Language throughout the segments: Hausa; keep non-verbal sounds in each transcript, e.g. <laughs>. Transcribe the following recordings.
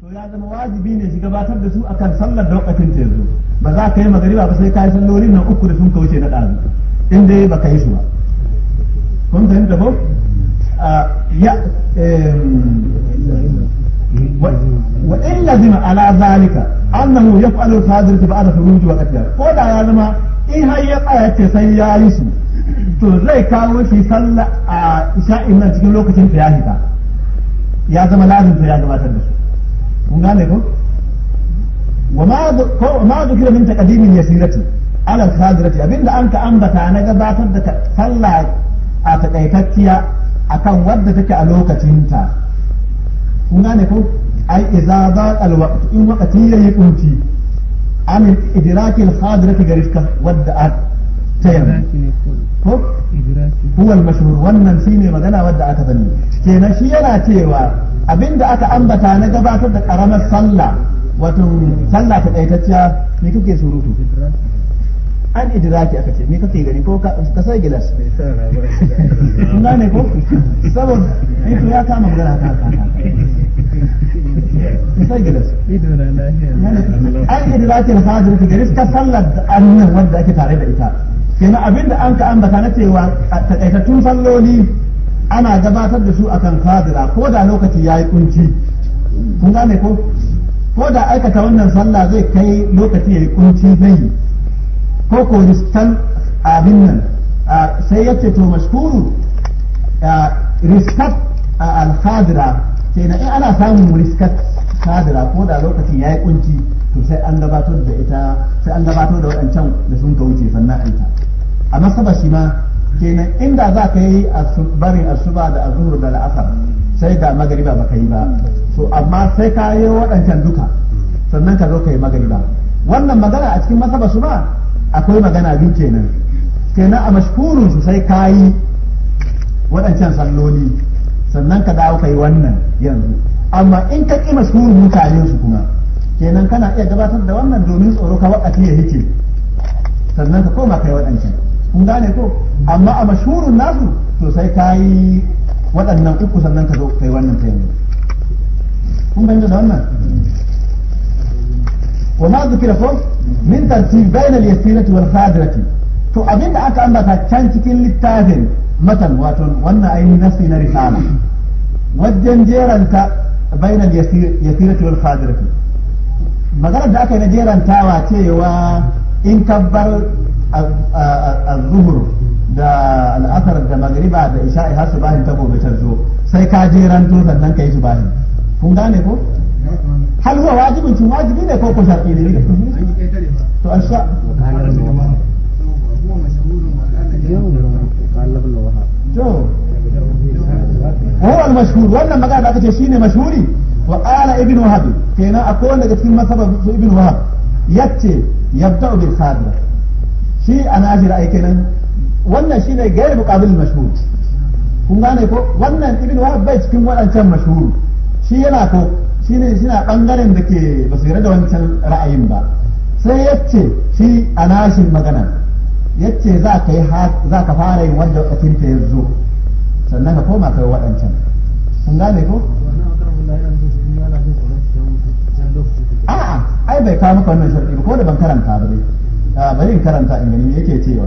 to ya zama wajibi ne shi gabatar da su akan sallar da lokacin ta yanzu ba za ka yi magariba ba sai ka yi salloli nan uku da sun kauce na ɗazu in dai ka yi su ba kun fahimta ko ya wa in lazima ala zalika annahu yaf'alu sadirati ba'da furuji wa qadar ko da ya zama in har ya tsaya ce sai ya yi su to zai kawo shi sallah a isha'in nan cikin lokacin ta ya hita ya zama lazim ta ya gabatar da su kun gane ko wa ma duk da minta kadimin ya sirati ala hadirati abinda an ka ambata na gabatar da sallah a takaitakkiya akan wadda take a lokacinta kun gane ko ai idza ba al waqt in waqti ya yunti amin idrakil hadirati garifka wadda at tayammu ko huwa al-mashhur wannan shine magana wadda aka sani kenan shi yana cewa abinda aka ambata na gabatar da karamar sallah wato sallah ta daitacciya me kake surutu an idraki aka ce me kake gani ko ka sai gilas na ne ko saboda ito ya kama magana ka ka sai gilas an idraki al-hadir fi gilas ka sallar annan wanda ake tare da ita kenan abin da an ka ambata na cewa a takaitattun salloli ana gabatar da su akan kadira ko da lokaci ya yi kunci kun gane ko ko da aikata wannan sallah zai kai lokaci ya yi kunci zai yi ko ko riskan abin nan sai yace to mashkuru riskat al-kadira kenan na ana samun riskat kadira ko da lokaci ya yi kunci to sai an gabatar da ita sai an gabatar da waɗancan da sun ka wuce sannan aita a masaba shi ma kenan inda za ka yi barin asuba da azhur da la'asar sai da magariba ka yi ba so amma sai ka yi waɗancan duka sannan ka zo ka yi magariba wannan magana a cikin masaba su ba akwai magana biyu kenan kenan a mashkurun su sai ka yi waɗancan salloli sannan ka dawo ka yi wannan yanzu amma in ka ƙi mashkurun mutane su kuma kenan kana iya gabatar da wannan domin tsoro ka waɗa ya hice sannan ka koma ka yi waɗancan kun gane ko amma a mashurun nasu to sai ka yi waɗannan uku sannan ka zo ka yi wannan tayammum kun fahimta da wannan wa ma zikira ko min tartib bayna al-yasirati wal khadirati to abinda aka ambata can cikin littafin matan wato wannan ainihin nasi na risala wajen jeranta bayna al-yasirati wal khadirati magana da aka yi na jerantawa cewa in kabbar al zuhur da al'asar da magriba da isha'i har subahin ta gobe ta zo sai ka je ranto sannan kai bahin kun gane ko hal huwa wajibin cin wajibi ne ko ko shar'i ne to asha to هو المشهور وانا ما قاعد اكتب شيء مشهوري وقال ابن وهب كان اكون لك في مصر ابن وهب يكتب يبدا بالخادمه shi anajir ai kenan wannan shine gairi muqabil mashhur kun gane ko wannan ibn wahab bai cikin waɗancan mashhur shi yana ko shine shina bangaren da ke basira da wancan ra'ayin ba sai yace shi a nashin magana yace za ka yi za ka fara yin wanda lokacin ta yanzu sannan ka koma kai waɗancan kun gane ko a'a ai bai kawo maka wannan sharɗi ba ko da ban karanta ba dai a ah, bari karanta in gani yake cewa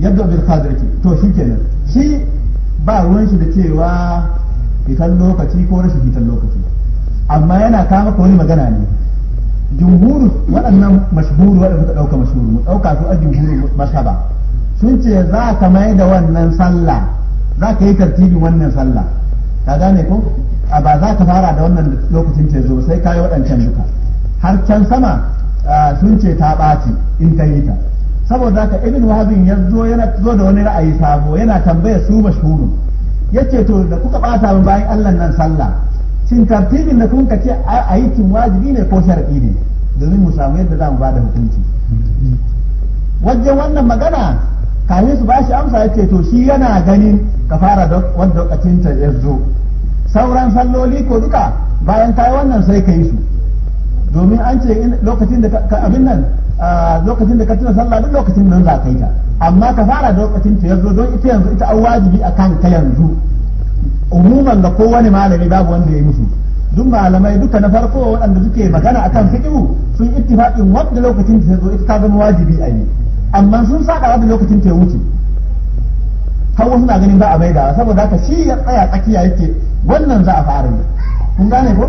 yadda bil qadrati to shikenan shi ba ruwan shi da cewa fitan lokaci ko rashin fitan lokaci amma yana kama ka wani magana ne jumhuru waɗannan mashhuru waɗanda suka ɗauka mashhuru mu ɗauka su a jumhuru masaba sun ce za ka mai da wannan sallah za ka yi tartibin wannan sallah ka gane ko a ba za ka fara da wannan lokacin ce zo sai ka yi waɗancan duka har can sama Ah, sun ce ta ɓaci in ta yi ta saboda haka ibn wahabin ya zo yana zo da wani ra'ayi sabo yana tambaya su mashhurun yace to da kuka bata min bayan Allah nan sallah shin tartibin da kun kace aikin wajibi ne ko sharadi ne domin mu samu yadda za mu bada hukunci wajen wannan magana kafin su bashi amsa ya ce to shi yana ganin ka fara da wanda lokacin ta ya zo sauran salloli ko duka bayan kai wannan sai ka yi su domin an ce lokacin da ka abin nan lokacin da ka tuna sallah duk lokacin nan za ka yi ta amma ka fara da lokacin ta yanzu don ita yanzu ita an wajibi akan ka yanzu umuman ga kowane malami babu wanda ya yi musu duk malamai duka na farko waɗanda suke magana akan fiƙihu sun ittifaqin wanda lokacin ta yanzu ita ta zama wajibi a yi amma sun saka wanda lokacin ta ya wuce har wasu na ganin ba a maida saboda haka shi ya tsaya tsakiya yake wannan za a fara ne kun gane ko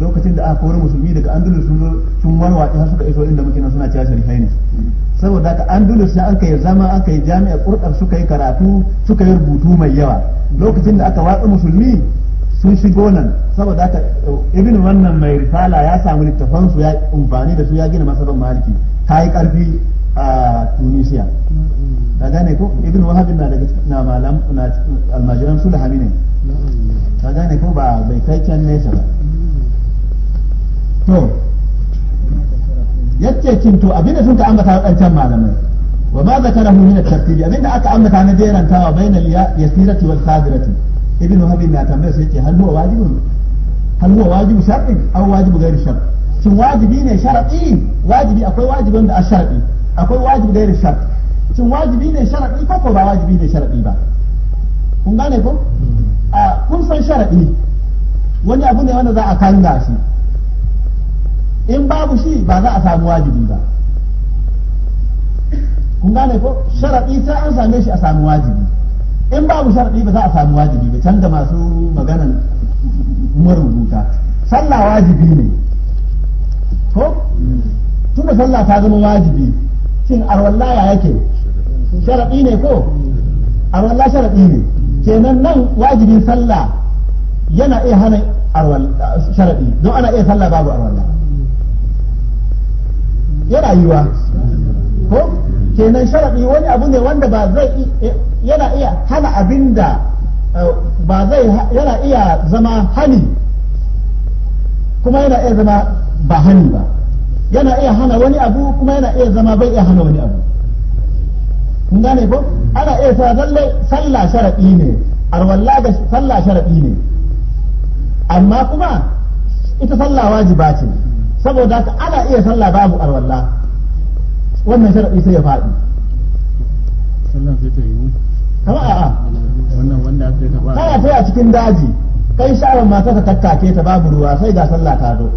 lokacin da aka kore musulmi daga andalus sun zo sun har suka iso inda muke nan suna cewa sharifai ne saboda ka andalus sai aka yi zama aka yi jami'a kurkar suka yi karatu suka yi rubutu mai yawa lokacin da aka watsa musulmi sun shigo nan saboda ka eh, ibn wannan mai risala ya samu littafan su ya amfani da su ya gina masarar maliki ta yi karfi a tunisia da gane ko ibn wahab na daga na malam na almajiran sulhamine ne gane ko ba bai kai can nesa ba to yace kin to abinda sun ka ambata wadancan malamai wa ma zakarahu min at-tafsir abinda aka ambata na jerantawa bainal yasirati wal sadirati ibnu habib na tambaya sai yace hal huwa wajibu hal huwa wajibu shar'in aw wajibu ghairi shart shin wajibi ne shar'i wajibi akwai wajiban da ashar'i akwai wajibi ghairi shart shin wajibi ne shar'i ko ko ba wajibi ne shar'i ba kun gane ko a kun san shar'i wani abu ne wanda za a kanga shi in babu shi ba za a samu wajibi ba kun gane ko sharaɗi sai an same shi a samu wajibi in babu sharaɗi ba za a samu wajibi ba canza masu maganan marubuta sallah wajibi ne ko da sallah ta zama wajibi shin arwalla ya yake sharaɗi ne ko arwalla sharaɗi ne kenan nan wajibin sallah yana iya hana sharaɗi don ana iya sallah babu arwalla ya rayuwa ko kenan sharaɗi wani abu ne wanda ba zai yana iya hana abin da eh, ba zai yana iya zama hani kuma yana iya zama ba hani ba yana iya hana wani abu kuma yana iya zama bai iya hana wani abu kun gane ko ana iya sa zalle sallah sharaɗi ne arwalla ga sallah sharaɗi ne amma kuma ita sallah wajiba ce saboda ka ana iya sallah babu alwala wannan sharadi sai ya faɗi sallan sai ta yiwu kama a'a wannan wanda sai ka ba kana tsaya cikin daji kai sha'awar masu ka tattake ta babu ruwa sai ga sallah ta zo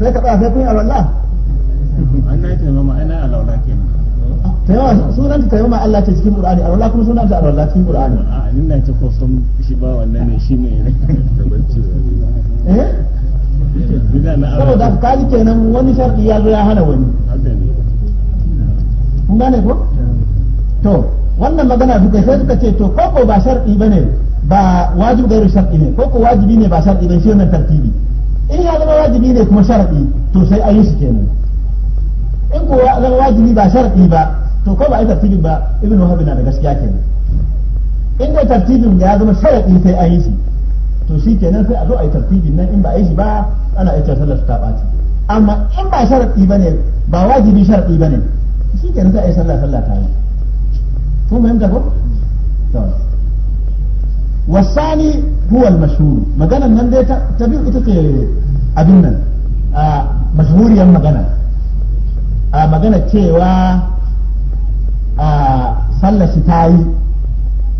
sai ka tsaya sai kun yi arwalla an na yi taimama ai na yi kenan taimama sunanta taimama Allah ce cikin Qur'ani alwala kuma sunanta alwala cikin Qur'ani a'a ni na ce ko sun shi ba wannan ne shi ne. saboda ka kaji kenan wani sharɗi ya zo ya hana wani kun gane ko to wannan magana suka sai suka ce to koko ba sharɗi bane ba wajibi gairu sharɗi ne koko wajibi ne ba sharɗi bane shi wannan tartibi in ya zama wajibi ne kuma sharɗi to sai ayi shi kenan in ko zama wajibi ba sharɗi ba to ko ba ai tartibi ba ibnu wahab na da gaskiya kenan in da tartibin ya zama sharaɗi sai ayi shi to shi kenan sai a zo a yi tartibin nan in ba a yi shi ba ana iya sallar su ta ɓaci amma in ba sharaɗi ba ne ba wajibi sharaɗi ba ne shi ke za a yi sallah sallah ta yi ko mai yanda ko wasani huwa al-mashhur maganan nan dai ta biyu ita ce abin nan a mashhuriyar magana a magana cewa a sallar shi ta yi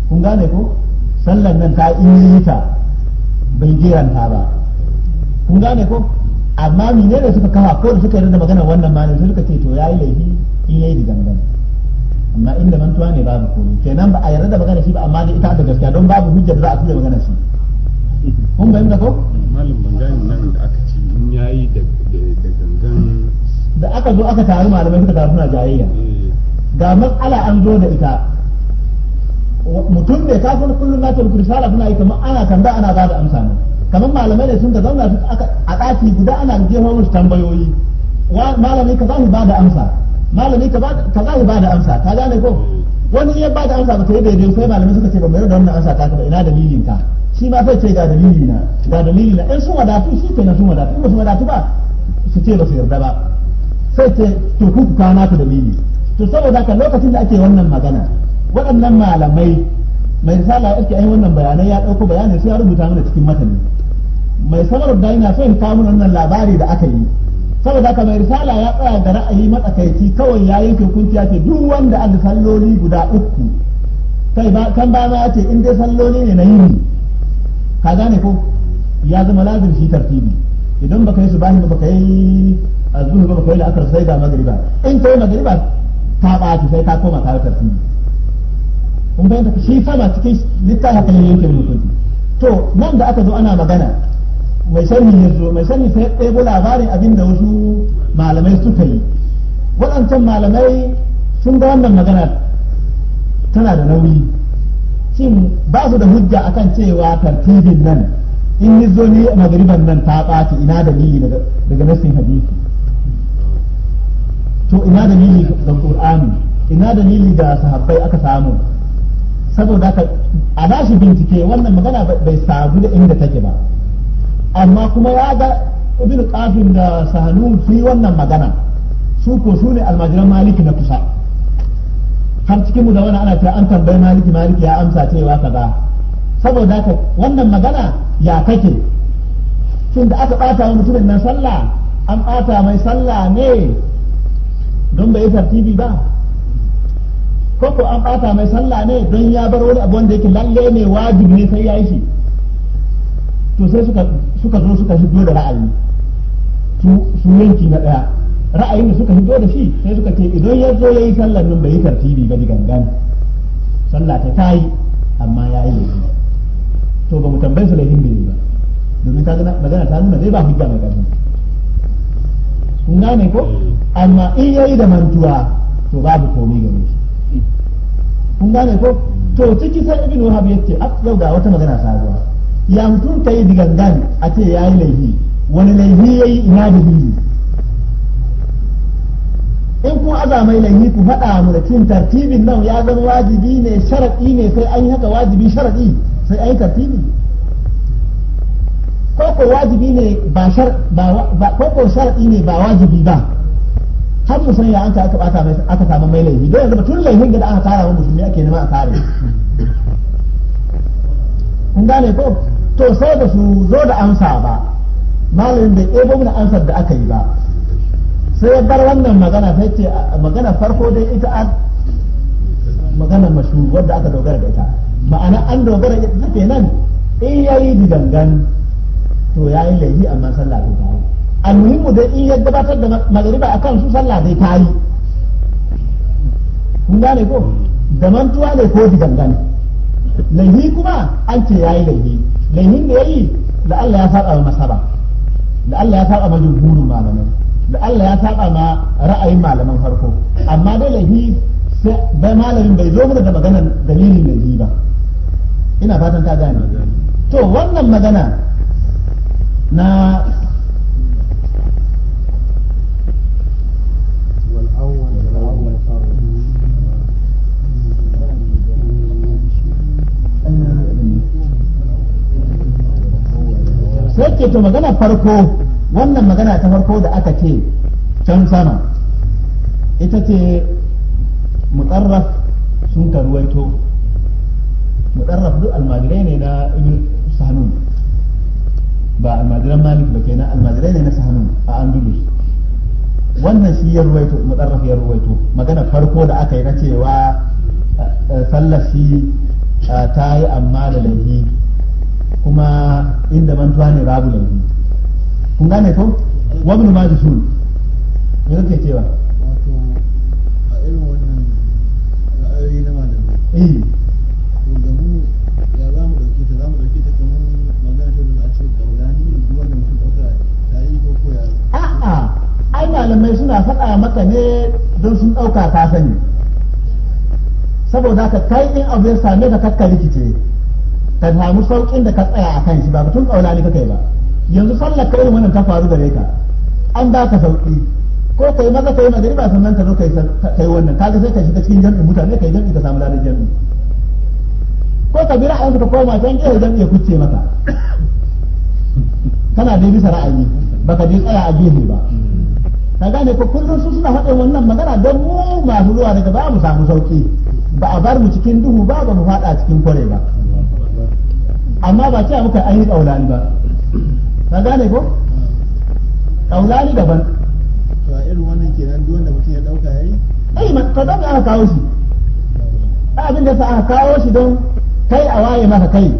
kun gane ko sallar nan ta yi ta bai jiranta ba kun gane ko amma ne suka kafa ko da suka yi da magana wannan ne sai suka ce to yayi laifi in yayi da gangan amma inda mantuwa ne babu ko kenan ba a yarda da magana shi ba amma ne ita da gaskiya don babu da za a tuya magana shi kun inda ko malam bangaren nan da aka ci in yayi da gangan da aka zo aka taru malamai suka taru suna jayayya eh. ga matsala an zo da ita mutum bai kafin kullum na tarku risala suna yi kamar ana kanda ana ba da amsa ne kamar malamai ne sun ta zauna su a ɗaki guda ana jefa musu tambayoyi malami ka zahi ba da amsa malami ka zahi ba da amsa ka gane ko wani ya ba da amsa ba ta yi daidai sai malamai suka ce ba mai da wannan amsa ta ba ina dalilin ka shi ma sai ce ga dalili na ga dalili na in sun wadatu shi na sun wadatu ba su wadatu ba su ce ba su yarda ba sai ce to ku kana ku dalili to saboda ka lokacin da ake wannan magana waɗannan malamai mai risala ya ake ai wannan bayanai ya ɗauko bayanai sai ya rubuta mana cikin matanin mai samar da yana son kawo wannan labari da aka yi saboda haka mai risala ya tsaya da ra'ayi matsakaici kawai ya yanke hukunci ya ce duk wanda an salloli guda uku kai ba kan ba ya ce in dai salloli ne na yini ka gane ko ya zama lazim shi tartibi idan baka yi su bani baka yi azumi ba baka yi la'akar sai ga magriba in kai magriba ta ɓaci sai ka koma ka tartibi kun fahimta shi sama cikin littafin kan yanke hukunci to nan da aka zo ana magana mai sani ya zo mai sani sai ɗebo labarin abin da wasu malamai suka yi waɗancan malamai sun ga wannan magana tana da nauyi shin ba su da hujja a kan cewa tartibin nan in ni zo ni magariban nan ta ɓaci ina da nili daga nasin hadisi to ina da nili ga qur'ani ina da nili ga sahabbai aka samu saboda haka a nashi bincike wannan magana bai sabu da inda take ba amma kuma ya ga ibn qasim da sahanu su yi wannan magana su ko su ne almajiran maliki na kusa har cikin mu da wani ana cewa an tambayi maliki maliki ya amsa cewa ba saboda haka wannan magana ya kake shin da aka bata wa mutumin nan sallah an bata mai sallah ne don bai tartibi ba ko ko an bata mai sallah ne don ya bar wani abu wanda yake lalle ne wajibi ne sai ya yi shi to sai suka suka zo suka shigo da ra'ayi su yanki na ɗaya ra'ayin da suka shigo da shi sai suka ce idan ya zo ya yi sallar nan bai yi tartibi ba gangan sallah ta ta yi amma ya yi laifi to ba mu tambayi su laifin bai ba domin ta magana ta nuna zai ba hujja mai ƙarfi kun gane ko eh. amma in ya yi da mantuwa to babu komai gare shi kun gane ko hmm. to ciki sai ibn wahab yace a ga wata magana sabuwa ya mutum ta yi digangan a ce ya yi laifi wani laifi ya yi ina da biyu in kun aza mai laifi ku faɗa mu da cin tartibin nan ya zama wajibi ne sharaɗi ne sai an yi haka wajibi sharaɗi sai an yi tartibi koko wajibi ne ba shar ba koko sharaɗi ne ba wajibi ba har musulmi ya an ka aka bata mai aka samu mai laifi don yanzu batun laifin da aka tara wa musulmi ake nema a kare kun gane ko to sai ba su zo da amsa ba malamin bai ɗebo mana amsar da aka yi ba sai ya bar wannan magana sai ce magana farko dai ita a magana mashhur wadda aka dogara da ita ma'ana an dogara da ita nan in yayi digangan to yayi laifi amma sallah zai ta yi almuhimmu dai in ya gabatar da magariba kan su sallah zai ta yi kun gane ko da mantuwa ne ko digangan laihi kuma an ce yayi laihi laihin da yayi da Allah ya saba ma masaba da Allah ya saba ma jumhurin malaman da Allah ya saba ma ra'ayin malaman farko amma dai laihi sai malamin bai zo mana da maganar dalilin laihi ba ina fatan ta gane to wannan magana na sai ke to magana farko wannan magana ta farko da aka ce can sama ita ce mutsarraf sun karuwaito mutsarraf duk almajirai ne na ibn sahanun ba almajiran malik ba kenan almajirai ne na sahanun a andalus wannan shi ya ruwaito mutsarraf ya ruwaito magana farko da aka yi na cewa eh, eh, sallar shi eh, ta yi amma da laifi kuma inda mantuwa ne babu laifi kun gane ko wabin ma da sun me kake cewa wato a irin wannan ra'ayoyi na malamai eh to ga mu ya za mu dauke ta za mu dauke ta kamar magana ta da ce kaulani ne duk wanda mutum dauka ta yi ko ko ya a'a ai malamai suna faɗa maka ne don sun dauka ka sani saboda ka kai in abu ya same ka kakka rikice ka samu saukin da ka tsaya a kan shi ba batun ne kai ba yanzu sallar ka irin wannan ta faru gare ka an ba ka sauki ko kai maza kai ba sannan ka zo kai kai wannan kaga sai ka shiga cikin jami'in mutane kai jami'i ka samu ladan jami'i ko ka bi ra'ayin ka koma can kai jami'i ya kucce maka kana dai bisa ra'ayi ba ka je tsaya a gefe ba ka gane ko kullum su suna haɗe wannan magana don mu masu zuwa daga ba mu samu sauki ba a bar mu cikin duhu ba ba mu faɗa cikin kware ba amma ba ce muka ainihin kaulani ba ka gane ko kaulani daban to a irin wannan kenan duk wanda mutum ya dauka yayi ai ma ka dauka aka kawo shi abin da aka kawo shi don kai a waye maka kai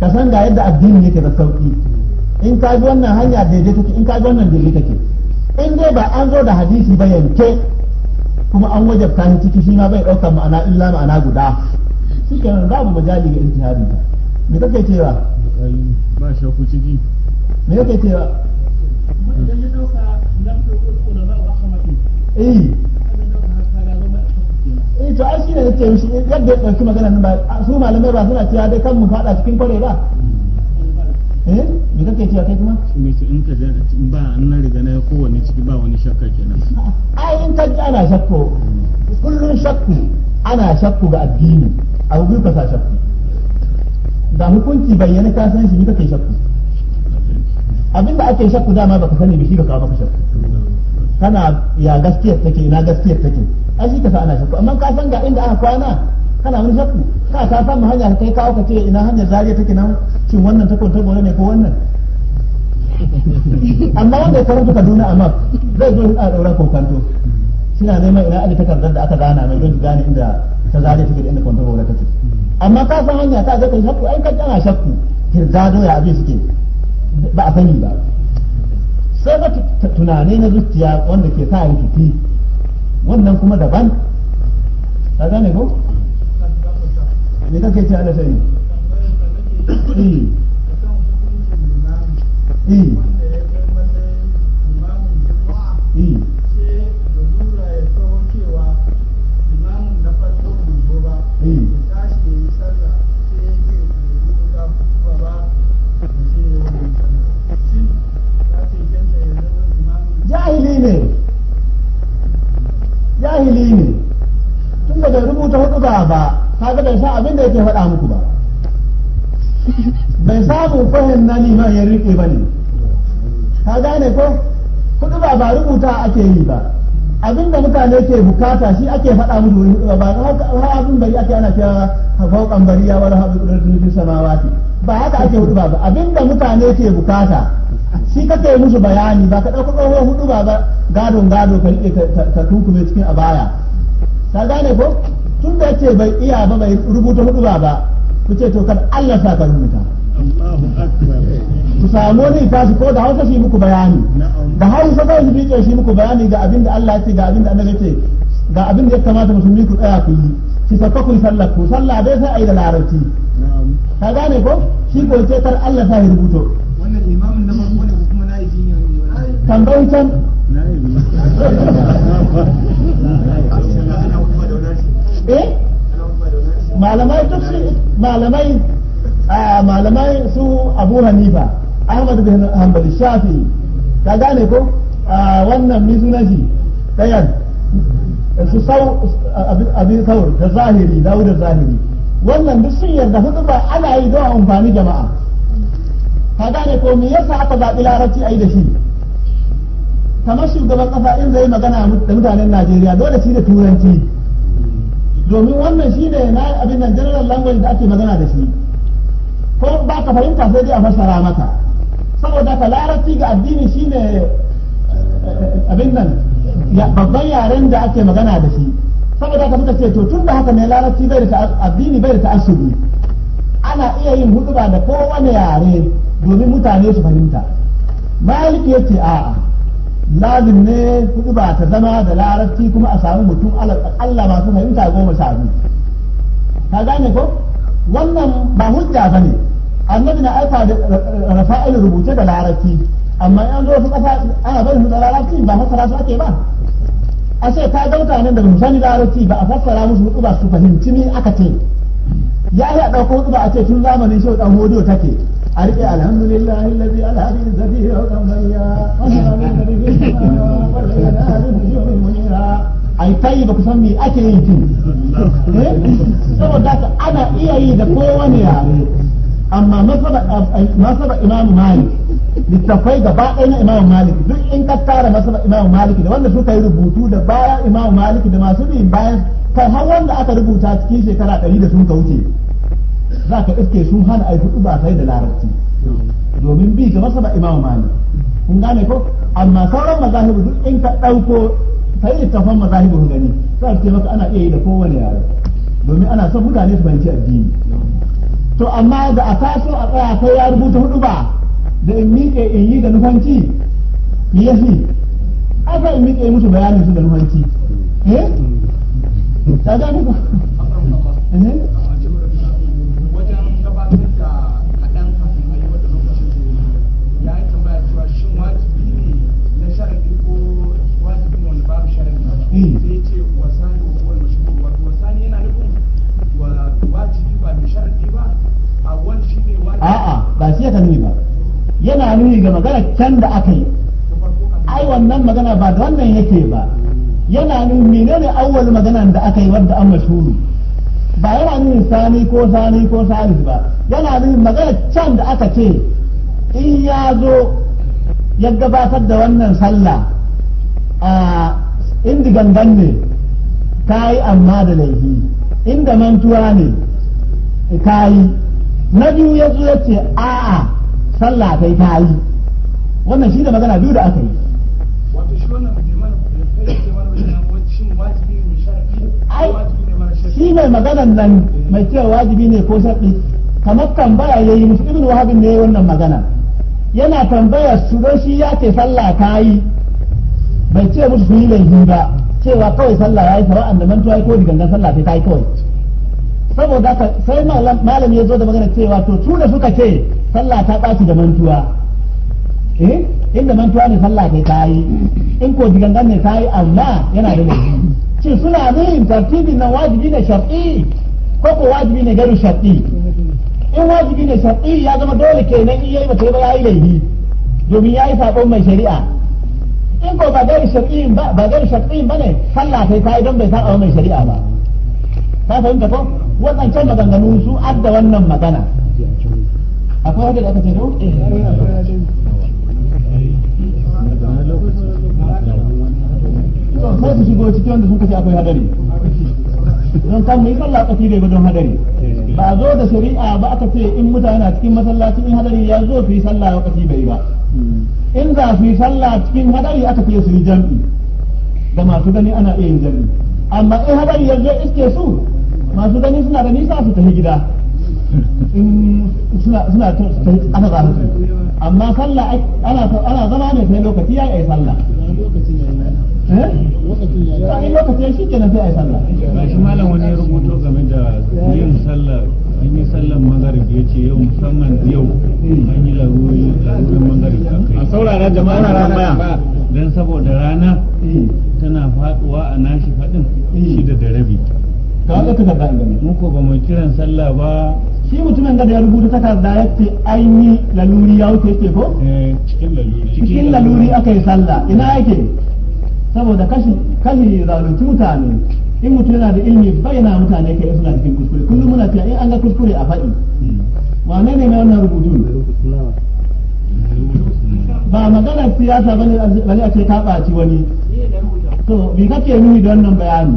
ka san ga yadda addini yake da sauki in ka ji wannan hanya daidai take in ka ji wannan daidai take in dai ba an zo da hadisi ba yanke kuma an wajabta ni ciki shi ma bai ɗaukar ma'ana illa ma'ana guda shi kenan babu majali ga ijtihadi ba me kake cewa ba shakku ciki me kake cewa idan ya dauka eh eh to ai shine yake eh, yadda magana nan ba su malamai ba suna cewa dai kan mu fada cikin kware ba eh me kake cewa kai kuma me ce in ka ba an riga na kowanne ciki ba wani shakka kenan ai in ka ji ana shakko kullun shakku ana shakku ga addini abu biyu ka sa shakku ga hukunci bayyana ka san shi ni kake shakku da ake shakku dama baka sani ba shi ka kawo maka shakku kana ya gaskiyar take ina gaskiyar take ai shi ka sa ana shakku amma ka san ga inda aka kwana kana wani shakku ka ta mu hanya kai kawo ka ce ina hanyar zariya take nan shin wannan ta kwanta gore ne ko wannan <laughs> amma wanda ya karanta Kaduna a map zai zo a daura kokanto suna neman ina aji takardar da aka zana mai don gane inda ta zariya take da inda kwanta gore take amma ka san hanya ta zaka shakku ai kan tana shakku hirdado ya abin suke ba a sani ba sai ka tunane na zuciya wanda ke sa rikici wannan kuma daban ka gane ko me kake ce ala sai eh eh Mm. jahili ne jahili ne tun da rubuta hudu ba ba ga bai sa abin da yake faɗa muku ba bai samu fahim na liman ya rike ba ne ka gane ko hudu ba ba rubuta ake yi ba abin da mutane ke bukata shi ake faɗa musu hudu ba ba har abin bari ake ana cewa hafaukan bari ya wani hafi kudin sama samawati ba haka ake hudu ba abin da mutane ke bukata shi kake musu bayani ba ka ɗauka ƙaho hudu ba gadon gado ka riƙe ka tunkume cikin abaya ka gane ko tun da ce bai iya ba bai rubuta hudu ba ba ku ce to kan Allah sa ka rubuta ku samu ne ta su ko da hausa shi muku bayani da hausa kawai su fice shi muku bayani ga abin da Allah ce ga abin da annabi ce ga abin da ya kamata musulmi ku tsaya ku yi ki sauka ku sallah ku sallah dai sai ayi da larabci ka gane ko shi ko ce kar Allah sa ya rubuto wannan imamin na kan can eh malamai duk malamai malamai su abu hanifa ahmad bin hanbali shafi ka gane ko wannan mi sunan shi ɗayan su sau abin saur da zahiri dawo da zahiri wannan duk sun yarda hudu ba ana yi don amfani jama'a ka gane ko me yasa aka zaɓi larabci yi da shi kamar shugaban kasa in zai magana da mutanen Najeriya dole shi da turanci domin wannan shi ne na abin nan general language da ake magana da shi ko ba ka fahimta sai dai a fassara maka saboda ka larabci ga addini shi ne eh, abin nan babban yaren da ake magana da shi saboda ka muka ce to tun da haka ne larabci bai da addini bai da ta'assubi ana iya yin huduba da kowane yare domin mutane su fahimta maliki yace a'a lazim ne kudu ba ta zama da larabci kuma a samu mutum Allah masu mutane goma sha biyu ka gane ko wannan ba hujja ba ne annabi na aika da rafa'il rubuce da larabci amma yan zo su kasa ana bari mu da larabci ba fassara su ake ba a ce ka gauta nan da ba larabci ba a fassara musu mutu ba su fahimci ni aka ce ya yi a ɗauko hudu ba a ce tun zamanin shi ɗan hodiyo take أرجع الحمد لله الذي الهدي الذي هدى منيا ai tayi ba ku san ake yin ki saboda ana iya yi da kowane yare amma masaba imamu malik littafai gaba ɗaya na imam malik duk in ka tara masaba imam malik da wanda suka yi rubutu da baya imam malik da masu bin bayan kai har wanda aka rubuta cikin shekara ɗari da sun ka wuce za ka iske sun hana aiki ba sai da larabci domin bi ga masaba imamu malik kun gane ko amma sauran mazahibu duk in ka dauko sai littafan mazahibu gani za ce maka ana iya yi da kowane yare domin ana son mutane su fahimci addini to amma da a taso a tsaya sai ya rubuta hudu ba da in miƙe in yi da nufanci fi aka in miƙe musu bayanin su da nufanci eh ta ga ko ita ta nuni ba yana nuni ga magana can da aka yi ai wannan magana ba da wannan yake ba yana nuni menene awwal magana da aka yi wanda an mashuru ba yana nuni sani ko sani ko salis ba yana nuni magana can da aka ce in ya zo ya gabatar da wannan sallah a inda gangan ne ta amma da laifi inda mantuwa ne ka yi na biyu ya zo ya ce a'a sallah ta yi ta yi wannan shi da magana biyu da aka yi shi mai maganan nan mai cewa wajibi ne ko shaɗi kamar tambaya ya yi musu ibn wahabin ne wannan magana yana tambaya su don shi ya ce sallah ta yi bai ce musu su yi laifi ba cewa kawai sallah ya yi sara'an da mantuwa ko digangan sallah ta yi kawai saboda ka sai malam ya zo da magana cewa to su da suka ce sallah ta ɓaci da mantuwa eh inda mantuwa ne sallah kai ta yi in ko jigangan ne ta yi amma yana da laifi ce suna nuhin tartibi na wajibi ne shar'i ko ko wajibi ne garu shar'i in wajibi ne shar'i ya zama dole kenan in yayi mata ba yi laifi domin ya yi sabon mai shari'a in ko ba garu shar'i ba ba garu shar'i bane sallah kai ta yi don bai saba mai shari'a ba ka fahimta ko waɗancan maganganu su adda wannan magana akwai wanda da aka ce ko eh. sai su shigo cikin wanda sun kashe akwai hadari don kan mu yi sallah kafi da don hadari ba zo da shari'a ba aka ce in mutane na cikin masallaci in hadari ya zo su yi sallah kafi bai ba in za su yi sallah cikin hadari aka ce su yi jam'i da masu gani ana iya yin jam'i amma in hadari ya zo iske su masu gani suna da nisa su tafi gida suna suna tafi ana za su amma sallah ana zama ne sai lokaci ya yi sallah eh lokacin shi kenan sai a yi sallah shi malam wani ya rubuto game da yin sallah an yi sallar magarib ya ce yau musamman yau an yi larurin magarib a kai a saurara jama'a na maya Dan saboda rana eh. tana faduwa a nashi faɗin shi da rabi ka ga takarda a gani mun ko ba mu kiran sallah ba shi mutumin da ya rubuta takarda ya ce aini laluri ya wuce ke ko eh, cikin laluri cikin laluri aka yi sallah ina yake saboda kashi kashi zalunci mutane in mutum yana da ilimi bayyana mutane ke suna cikin kuskure kullum muna cewa in an ga kuskure a faɗi hmm. wane ne mai wannan rubutu ba magana siyasa bane a ce ka ɓaci wani to bi kake nuni da wannan bayani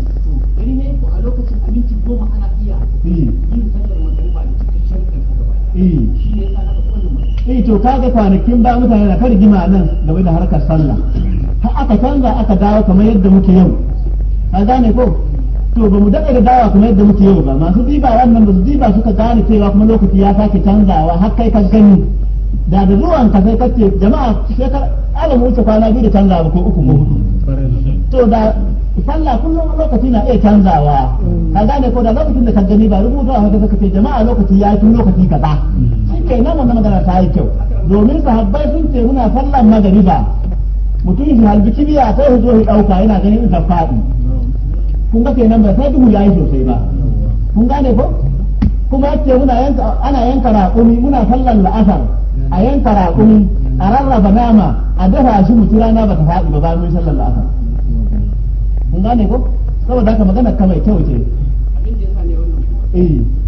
to kaga kwanakin ba mutane na kar gima nan bai da harkar sallah Ha aka canza aka dawo kamar yadda muke yau ka gane ko to ba mu daɗa da dawa kamar yadda muke yau ba masu diba wannan ba su diba suka gane cewa kuma lokaci ya sake canzawa har kai ka gani da da zuwan ka sai kace jama'a sai ka alamu wuce kwana biyu da canzawa ko uku ko hudu to da sallah kullum lokaci na iya canzawa ka gane ko da lokacin da ka gani ba rubutu a haka saka ce jama'a lokaci ya yi tun lokaci kaza ke nan wannan magana ta yi kyau domin sahabbai sun ce muna sallan magariba mutum shi halbi kibiya sai ya zo shi ɗauka yana ganin san faɗi kun ga kenan ba sai duhu yi sosai ba kun gane ko kuma ce muna yanka ana yanka raƙumi muna sallan la'asar a yanka raƙumi a rarraba nama a dafa shi mutu rana ba ta faɗi ba bayan mun sallan la'asar kun gane ko saboda haka magana kamar kyau ce eh.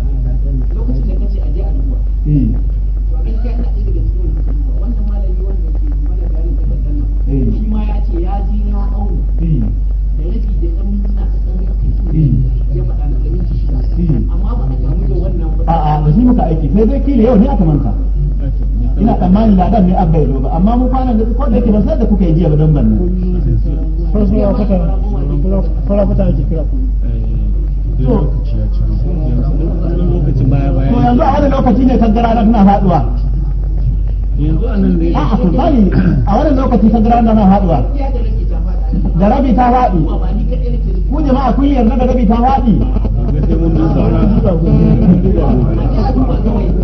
shi muka aiki sai zai kila yau ne aka manta ina tsammanin ladan ne abba ya ba amma mun kwanan da ko da yake ba sai da kuka yi jiya dan ban yanzu a wani lokaci ne kaddara na tana faduwa a a wani lokaci na tana da rabi ta faɗi ku jama'a kun yarda da rabi ta faɗi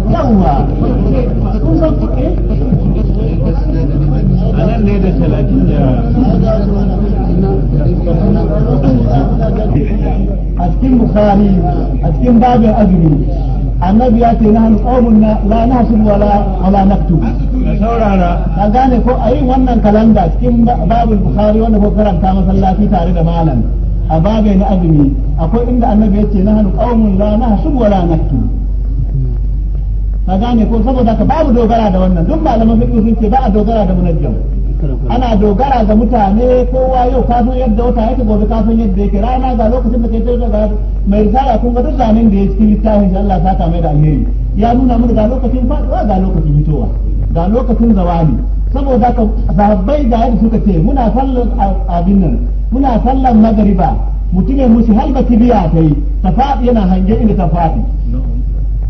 yawwa kun san eh? a nan ne da talatin da a cikin bukhari a cikin babin azumi annabi ya ce na hannu ƙaunin la na su wala wala naktu ka gane ko a yi wannan kalanda cikin babin bukhari wanda ko karanta masallaci tare da malam a babin azumi akwai inda annabi ya ce na hannu ƙaunin la na su wala naktu ka gane ko saboda ka babu dogara da wannan duk malaman fiqh sun ce ba a dogara da munajjam ana dogara da mutane kowa yau ka san yadda wata yake gobe ka san yadda yake rana ga lokacin da kai ta daga mai risala kun ga duk zanen da ya cikin littafin Allah ta kame da alheri ya nuna mana ga lokacin faduwa ga lokacin hitowa ga lokacin zawani saboda ka sahabbai ga yadda suka ce muna sallar abin nan muna sallar magariba mutum mushi halba kibiya ta yi ta faɗi yana hange inda ta faɗi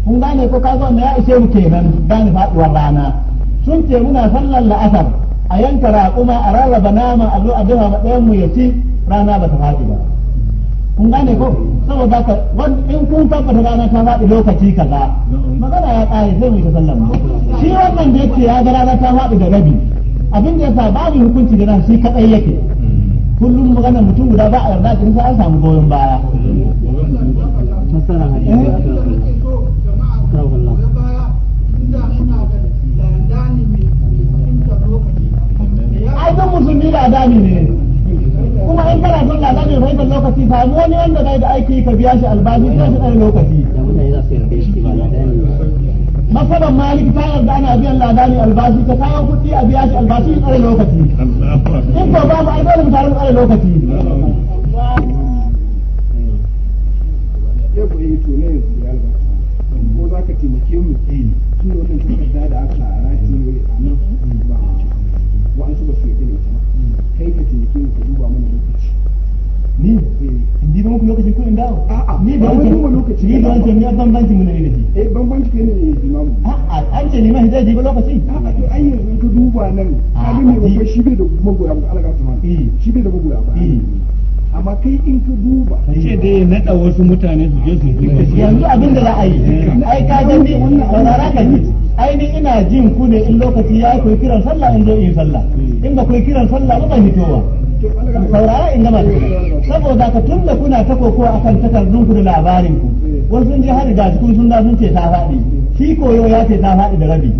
kun gane ko ka zo ya ishe mu kenan gane faduwar rana sun ce muna sallar la'asar a yanka raƙuma a rarraba nama a zo a zuba ba ɗayan mu ya ci rana ba ta faɗi ba kun gane ko saboda ka in kun tabbata rana ta faɗi lokaci kaza magana ya ƙare sai mu yi ta sallar mu shi wannan da yake ya ga rana ta faɗi da rabi abin da yasa babu hukunci da nan shi kaɗai yake kullum magana mutum guda ba a yarda kin sa an samu goyon baya ai musulmi da adami ne kuma in kana son lada ne bai lokaci ba mu wani wanda zai da aiki ka biya shi albashi sai shi ɗan lokaci masaban malik ta yarda ana biyan lada ne albashi ka kawo kuɗi a biya shi albashi in lokaci in ko ba mu ai dole mu lokaci ko za ka taimake mu eh, tun wannan takarda da aka rati a nan kai ka taimake ka duba mana lokaci ni eh, in dawo a'a ni lokaci ni ya eh, mun ne ne eh ne imamu a'a an ce ne lokaci a'a to ai yanzu ka duba nan abin ne ba shi bai da ba Allah ka eh. shi bai da ba amma kai in ka duba ce da ya nada wasu mutane su je su yanzu abin da za a yi ai ka gani saurara ka ji ai ni ina jin ku ne in lokaci ya kai kiran sallah in zo in sallah eh. in ba kai kiran sallah ba ban hitowa saurara in gama saboda ka tunda kuna ta kokowa akan takardun ku da labarin ku eh. wasu sun je har da cikin sun sun ce ta faɗi shi koyo ya ce ta faɗi da rabi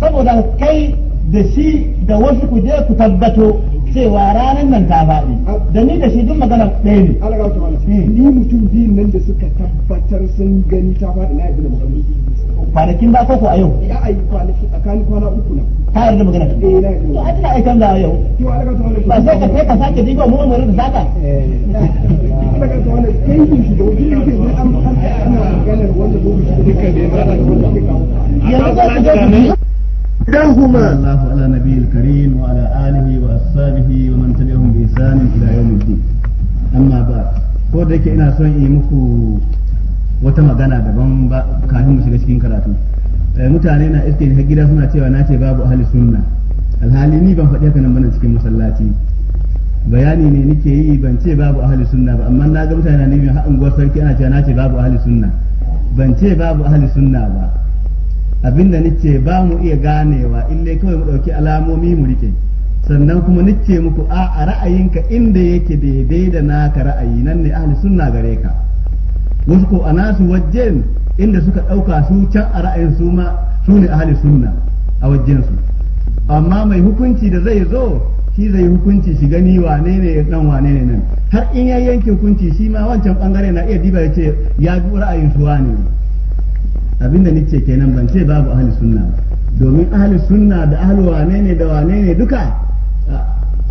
saboda kai da shi da wasu ku je ku tabbato cewa ranar nan ta faɗi da ni da shi duk maganar ɗaya ne ni mutum biyun nan da suka tabbatar sun gani ta faɗi na yadda da kwanakin ba koko a yau ya ai a tsakanin kwana uku eh, na ta yarda magana ta na to a tana aikan da yau to ta ba sai ka kai ka sake digo mu mu rinka ta wani kai yin shi da كلاهما الله على نبي الكريم وعلى آله وأصحابه ومن تبعهم بإحسان إلى يوم الدين أما بعد ko da yake ina son yi muku wata magana daban ba kafin mu shiga cikin karatu eh, mutane na iske har gida suna cewa na ce babu ahli sunna alhali ni ban faɗi haka nan bana cikin masallaci bayani ne nake yi ban ce babu ahli sunna ba amma na ga mutane na neman ha unguwar sarki ana cewa na ce babu ahli sunna ban ce babu ahli sunna ba abinda nice ba mu iya ganewa illai kawai mu ɗauki alamomi mu rike sannan kuma nace muku a a ra'ayinka inda yake daidai da naka ra'ayi nan ne ahli sunna gare ka wasu ko anasu wajen inda suka ɗauka su can a ra'ayin su ma su ne ahli sunna a wajen su amma mai hukunci da zai zo shi zai hukunci shi gani wane ne dan wane ne nan har in ya yanke hukunci shi ma wancan bangare na iya diba ya ce ya bi ra'ayin su wane ne abinda nace kenan ban ce babu ahli sunna ba domin ahli sunna da ahli wane ne da wane ne duka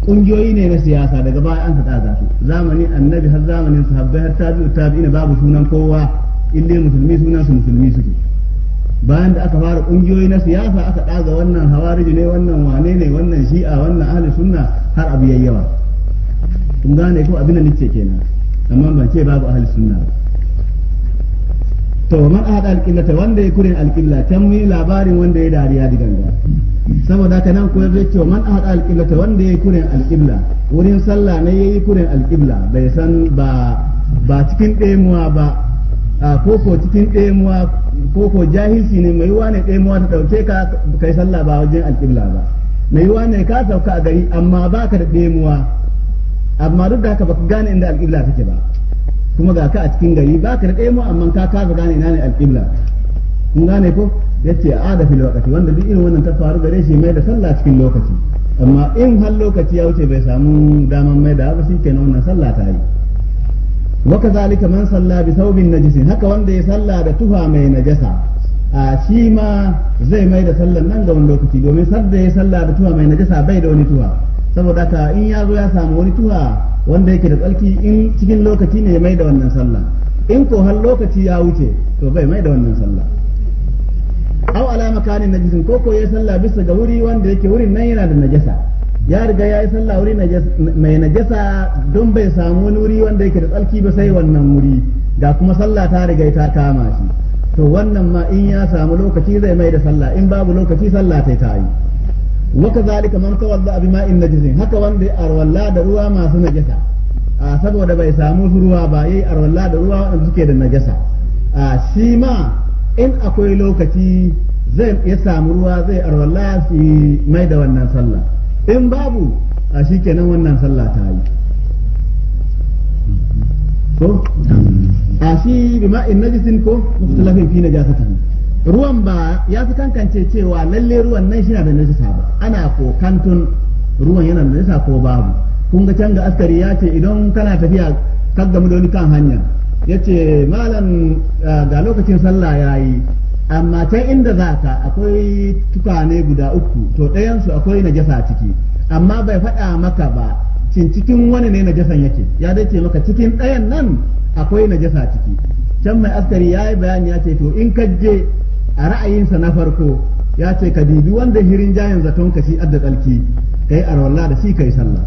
kungiyoyi ne na siyasa daga baya an fada ga su zamanin annabi har zamanin sahabbai har tabi'u tabi'ina babu sunan kowa inda musulmi sunan su musulmi suke bayan da aka fara kungiyoyi na siyasa aka daga wannan hawariji ne wannan wane ne wannan shi'a wannan ahli sunna har abu yayyawa kun gane ko abin da nace kenan amma ban ce babu ahli sunna ba to man ahada ta wanda ya kure alƙilla can mu labarin wanda ya dariya da ganga saboda haka nan koyar zai cewa man ahada ta wanda ya kure alƙilla wurin sallah ne yayi kure alƙilla bai san ba ba cikin ɗemuwa ba a koko cikin ɗemuwa koko jahilci ne mai wane ɗemuwa ta ɗauke ka kai sallah ba wajen alƙilla ba mai wane ka sauka a gari amma baka da ɗemuwa amma duk da haka baka gane inda alƙilla take ba kuma ga ka a cikin gari ba ka da mu amma ka ka gane na ne alƙibla kun gane ko yace a da fil wanda duk irin wannan ta faru gare shi mai da sallah cikin lokaci amma in har lokaci ya wuce bai samu daman mai da ba shi kenan wannan sallah ta yi wa kazalika man salla bi thawbin haka wanda ya salla da tufa mai najasa a shi ma zai mai da sallan nan ga wani lokaci domin sarda ya salla da tuwa mai najasa bai da wani tuwa saboda haka in ya zo ya samu wani tuha wanda yake da tsarki in cikin lokaci ne ya mai da wannan sallah in ko har lokaci ya wuce to bai mai da wannan sallah aw ala makanin najisin ko ko yayi sallah bisa ga wuri wanda yake wurin nan yana da najasa ya riga ya yi sallah wuri mai najasa don bai samu wani wuri wanda yake da tsarki ba sai wannan wuri ga kuma sallah ta riga ta kama shi to wannan ma in ya samu lokaci zai mai da sallah in babu lokaci sallah sai ta yi wa kadhalika man tawalla bi ma'in najisin haka wanda ya arwalla da ruwa masu najasa saboda bai samu ruwa ba yayi arwalla da ruwa wanda suke da najasa shi ma in akwai lokaci zai ya samu ruwa zai arwalla shi mai da wannan sallah in babu a shi kenan wannan sallah ta yi ko a shi bima in najisin ko mukhtalafin fi najasatihi ruwan ba ya fi kankance cewa lalle ruwan nan shina da najisa ba ana kokantun ruwan yana da najisa ko babu kun ga can ga askari ya ce idan kana tafiya kan gamu da wani kan hanya ya ce malam eh, ga lokacin sallah ya yi amma can inda za ka akwai tukwane guda uku to ɗayansu akwai najasa ciki amma bai faɗa maka ba cin cikin wani ne najasan yake ya dai ce maka cikin ɗayan nan akwai najasa ciki can mai askari ya yi bayani ya ce to in ka je a ra'ayinsa na farko ya ce ka bibi wanda hirin jayin zaton ka shi adda tsalki kai arwalla da shi kai sallah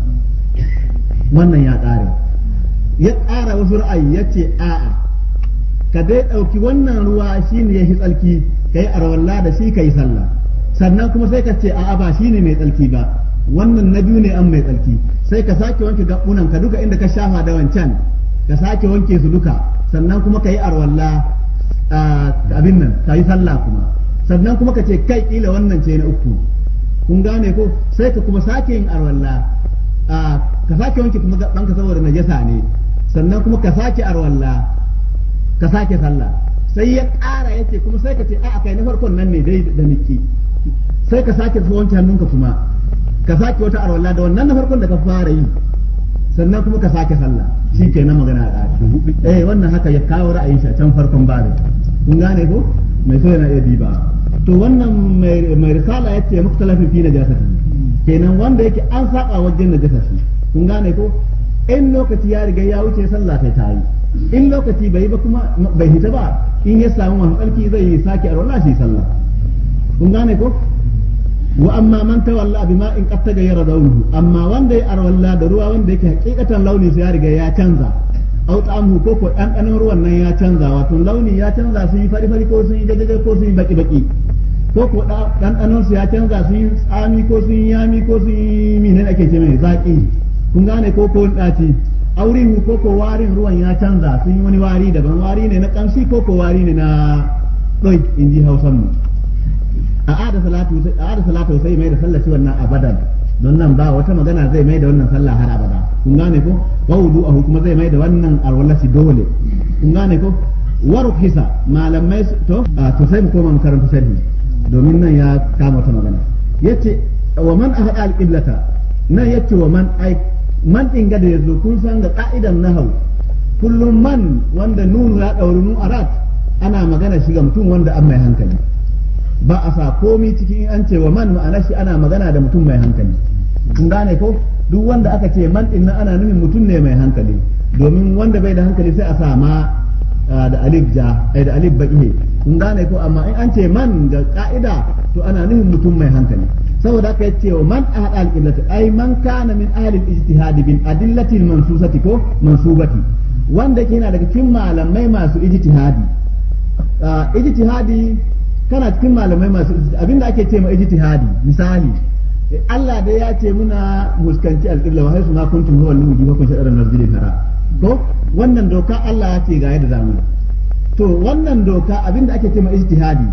wannan ya ƙare ya ƙara wasu ra'ayi ya ce a'a ka dai ɗauki wannan ruwa shi ne ya shi tsalki kai arwalla da shi kai sallah sannan kuma sai ka ce a'a ba shi ne mai tsalki ba wannan na biyu ne an mai tsalki sai ka sake wanke gabunan ka duka inda ka shafa da wancan ka sake wanke su duka sannan kuma ka yi arwalla abin nan ta yi sallah kuma sannan kuma ka ce kai kila wannan ce na uku kun gane ko sai ka kuma sake yin arwalla ka sake wanke kuma ka saboda najasa ne sannan kuma ka sake arwalla ka sake sallah sai ya ƙara ya ce kuma sai ka ce a kai na farkon nan ne dai da miki, sai ka sake wanke hannunka kuma ka sake wata arwalla da wannan na farkon da ka fara yi sannan kuma ka sake sallah shi ke na magana a eh wannan haka ya kawo ra'ayin shi a can farkon babin kun gane ko mai so yana iya diba to wannan mai risala ya ce muktalafi fi najasati kenan wanda yake an saba wajen najasa shi kun gane ko in lokaci ya riga ya wuce sallah ta yi in lokaci bai ba kuma bai hita ba in ya samu masu tsarki zai yi sake alwala shi sallah kun gane ko wa amma man tawalla bima in qattaga tagayyara dawruhu amma wanda ya arwalla da ruwa wanda yake hakikatan launin sa ya riga ya canza au tsamu ko ko ɗanɗanon ruwan nan ya canza wato launi ya canza sun yi fari fari ko sun yi jajaja ko sun yi baki baki ko ko ɗanɗanon su ya canza sun yi tsami ko sun yi yami ko sun yi minin ake ce mai zaƙi kun gane ko ko ɗaci aurihu ko ko warin ruwan ya canza sun yi wani wari daban wari ne na ƙamshi ko ko wari ne na ɗoik in ji hausan mu a ada salatu sai mai da sallaci wannan abadan don nan ba wata magana zai mai da wannan sallah har abada kun gane ko wudu a kuma zai mai da wannan alwalasi dole kun gane ko waru hisa malamai to to sai mu koma makaranta sai domin nan ya kama ta magana yace wa man ahada al illata nan yace wa man ai man din ga da yazo kun san ga qa'idan nahwu kullum man wanda nunu ya dauri nu arat ana magana shi ga mutum wanda an mai hankali ba a sa komi cikin an ce wa man ma'ana shi ana magana da mutum mai hankali kun gane ko duk wanda aka ce man din ana nufin mutum ne mai hankali domin wanda bai da hankali sai a sa ma da alif ja ai da alif kun gane ko amma in an ce man ga ka'ida to ana nufin mutum mai hankali saboda aka ce wa man ahdal illati ai man kana min ahli al ijtihad bil adillati al mansusati ko mansubati wanda ke yana daga cikin malamai masu ijtihadi ijtihadi kana cikin malamai masu abinda ake ce ma ijtihadi misali Allah dai ya ce muna muskanci alƙibla wa haisu ma kuntum huwa al-muji wa kuntum shadara masjidil ko wannan doka Allah ya ce ga yadda zamu to wannan doka abinda ake ce ma ijtihadi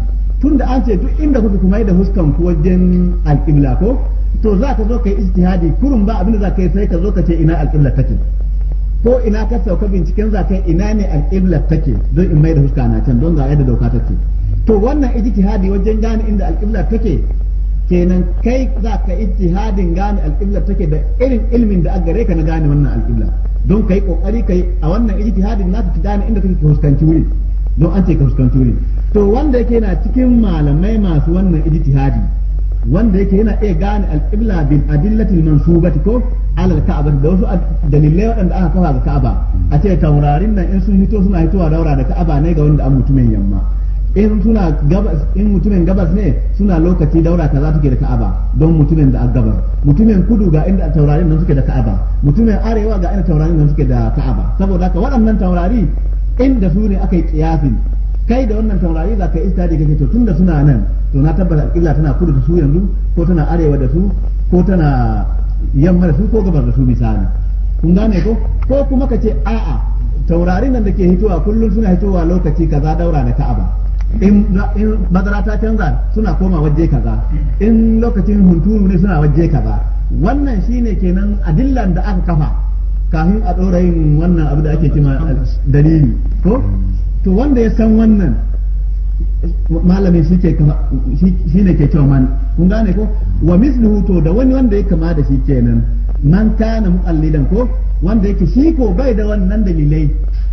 da an ce duk inda kuka kuma da huskan ku wajen alƙibla ko to za ka zo ka yi ijtihadi kurun ba abinda za ka yi sai ka zo ka ce ina alƙibla ke ko ina ka sauka binciken za ka ina ne alƙibla take don in mai da huska na can don ga yadda doka ta take to wannan ijtihadi wajen gane inda alƙibla take kenan kai za ka ijtihadin gane alƙibla take da irin ilmin da gare ka na gane wannan alƙibla don kai kokari kai a wannan ijtihadin naka ka gane inda take fuskanci wuri don an ce ka fuskanci wuri to wanda yake yana cikin malamai masu wannan ijtihadi wanda yake yana iya gane alƙibla bil adillatil mansubati ko alal ka'aba da wasu dalilai waɗanda aka kafa ga ka'aba a ce taurarin nan in sun hito suna hitowa daura da ka'aba ne ga wanda an mutumin yamma in suna gabas in mutumin gabas ne suna lokaci daura su take da Ka'aba don mutumin da a gabas mutumin kudu ga inda taurarin nan suke da Ka'aba mutumin arewa ga inda taurarin nan suke da Ka'aba saboda haka waɗannan taurari inda su ne aka yi kiyasin kai da wannan taurari za ka ista da kake to tunda suna nan to na tabbata illa tana kudu da su yanzu ko tana arewa da su ko tana yamma da su ko gabar da su misali kun gane ko ko kuma ka ce a'a taurarin nan da ke hitowa kullum suna hitowa lokaci kaza daura da Ka'aba in madara ta canza suna koma waje kaza in lokacin hunturu ne suna waje kaza wannan shine kenan adillan da aka kafa kafin a ɗora yin wannan abu da ake cima dalili ko to wanda ya san wannan malamin shi ne ke cewa man kun gane ko wa mislihu hutu da wani wanda ya kama da shi kenan man kana muqallidan ko wanda yake shi ko bai da wannan dalilai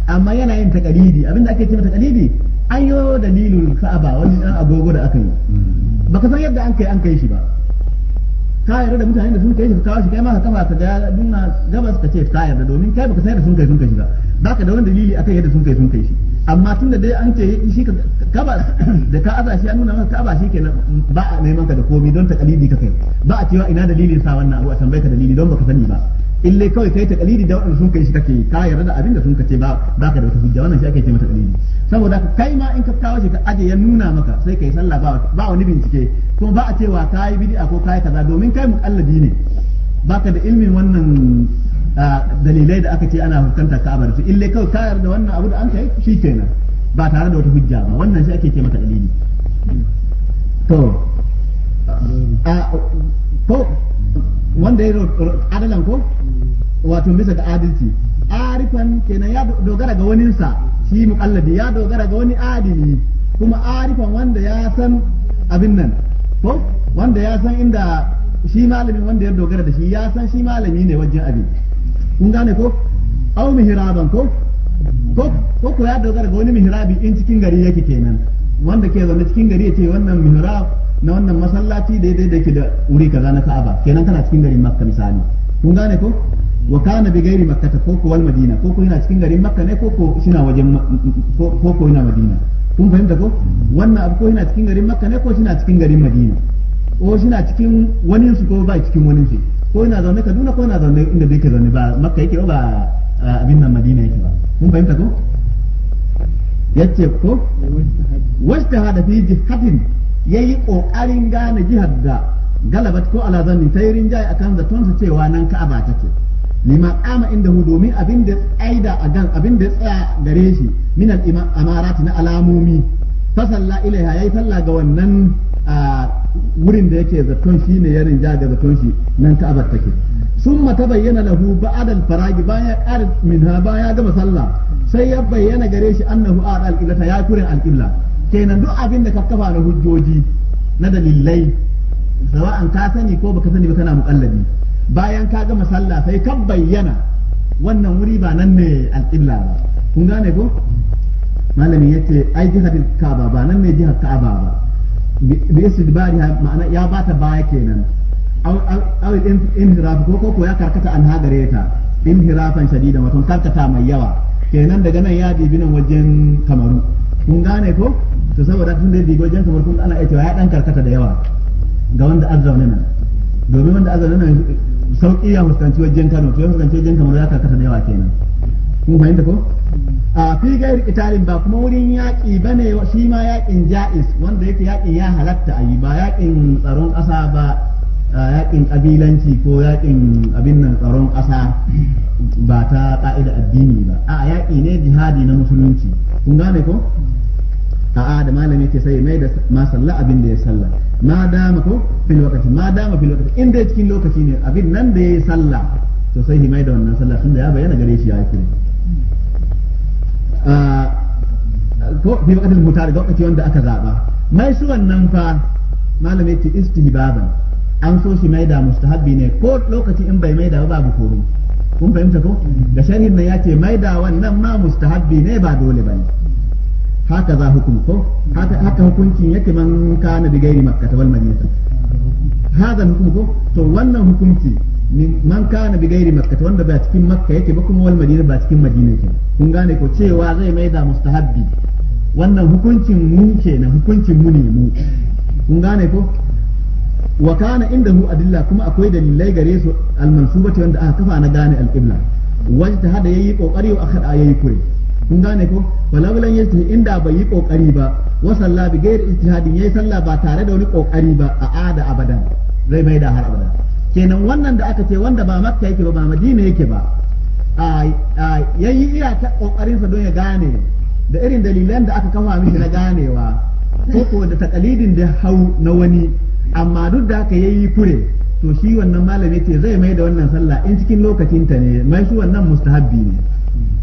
amma yana yin takalidi abinda ake ce takalidi an yi dalilul sa'aba wani dan agogo da aka yi mm. baka san yadda an kai an kai shi ba ka yarda da mutane da sun kai shi kawo shi kai ma ka kafa ka ga duna gabas ka ce ka yarda domin kai baka san yadda sun kai sun kai shi ba baka da wani dalili akan yadda sun kai sun kai shi amma da dai an ce shi ka kaba da ka aza shi an nuna maka kaba shi kenan ba a neman ka da komi don takalidi ka kai ba a cewa ina dalilin sa wannan abu a tambaye ka dalili don baka sani ba illai kawai kai ta kalidi da waɗanda sun kai shi kake ka yarda da abin da sun kace ba ba ka da wata hujja wannan shi ake ce mata kalidi saboda kai ma in ka kawo shi ka aje ya nuna maka sai kai sallah ba ba wani bincike Ko ba a cewa yi bid'a ko ka yi kaza domin kai muqallidi ne ka da ilmin wannan dalilai da aka ce ana hukunta ka da su illai kawai ka yarda wannan abu da an kai shi kenan ba tare da wata hujja ba wannan shi ake ce mata kalidi to a ko wanda ya adalan ko wato bisa ga adalci arifan kenan ya dogara ga wani sa shi muqallidi ya dogara ga wani adili kuma arifan wanda ya san abin nan ko wanda ya san inda shi malamin wanda ya dogara da shi ya san shi malami ne wajen abin kun gane ko au mihraban ko ko ko ya dogara ga wani mihrabi in cikin gari yake kenan wanda ke zaune cikin gari ya ce wannan mihrab na wannan masallaci daidai da ke da wuri kaza na Ka'aba kenan kana cikin garin Makka misali kun gane ko wa kana bi gairi makkata ko ko wal madina ko ko yana cikin garin makka ne ko ko shina wajen ko ko yana madina kun fahimta ko wannan abu ko yana cikin garin makka ne ko shina cikin garin madina ko shina cikin wani su ko ba cikin wani su ko yana zaune kaduna ko yana zaune inda zai ke zaune ba makka yake ba abin nan madina yake ba kun fahimta ko yace ko wasta hada fi jihadin yayi kokarin gane jihar da galabat ko ala zanni tayrin jai akan zaton sa cewa nan ka'aba take lima kama dahu domin abin da tsaida a gan abin da tsaya gare shi min al amarat na alamomi fa salla ilaiha yayi salla ga wannan wurin da yake zaton shi ne ya rinja ga zaton shi nan ka'abar take summa tabayyana lahu ba'dal faragi bayan ya ƙara minha bayan ya gama sallah sai ya bayyana gare shi annahu a'da al-qiblata ya kurin al-qibla kenan duk abin da ka na hujjoji na dalilai sawa'an ka sani ko baka sani ba kana muƙallabi bayan ka gama sallah sai kan bayyana wannan wuri ba nan ne alƙibla ba kun gane ko malami ya ce ai jihar ka'aba ba nan ne jihar ka'aba ba bi istidbari ma'ana ya ta baya kenan aw inhiraf ko ko ya karkata an hagare ta inhirafan shadida wato karkata mai yawa kenan daga nan ya dibi nan wajen kamaru kun gane ko to saboda tun da ya dibi wajen kamaru kun ana iya ya dan karkata da yawa ga wanda azzauna domin wanda azzauna sauki ya fuskanci wajen Kano to ya fuskanci wajen Kano ya karkata da yawa kenan kun fahimta ko a fi gair italin ba kuma wurin yaƙi ba ne shi ma yaƙin ja'is wanda yake yaƙin ya halatta a yi ba yaƙin tsaron ƙasa ba yaƙin ƙabilanci ko yaƙin abin nan tsaron ƙasa ba ta ƙa'ida addini ba a yaƙi ne jihadi na musulunci kun gane ko a'a da malami ce sai mai da ma sallah abin da ya salla, ma dama ko fil lokaci ma dama fil lokaci in dai cikin lokaci ne abin nan da ya sallah to sai hi mai da wannan sallah tunda ya bayyana gare shi ya yi kuri ko fi wakatil mutar da lokaci wanda aka zaba mai shi wannan fa malami ce istihbaban an so shi mai da mustahabbi ne ko lokaci in bai mai da babu komai kun fahimta ko da sharhin nan ya ce mai da wannan ma mustahabbi ne ba dole bane haka za hukum ko haka hukuncin yake man kana bi gairi makkata wal madinata hadha hukum ko to wannan hukunci man kana bi gairi makkata wanda ba cikin makka yake ba kuma wal madina ba cikin madina yake kun gane ko cewa zai maida mustahabbi wannan hukuncin mu kenan hukuncin mu ne mu kun gane ko wa kana indahu adilla kuma akwai dalilai gare su al-mansubati wanda aka kafa na gane al-qibla wajta hada yayi kokari wa akhada yayi kure kun gane ko walawalan yace inda bai yi kokari ba wa salla bi ya ijtihadin yayi sallah ba tare da wani kokari ba a ada abadan zai mai da har abada kenan wannan da aka ce wanda ba makka yake ba ba madina yake ba a yayi iya ta kokarin sa don ya gane da irin dalilan da aka kafa mishi na ganewa ko ko da takalidin da hau na wani amma duk da haka yayi kure to shi wannan malami ce zai mai da wannan sallah in cikin lokacin ta ne mai shi wannan mustahabbi ne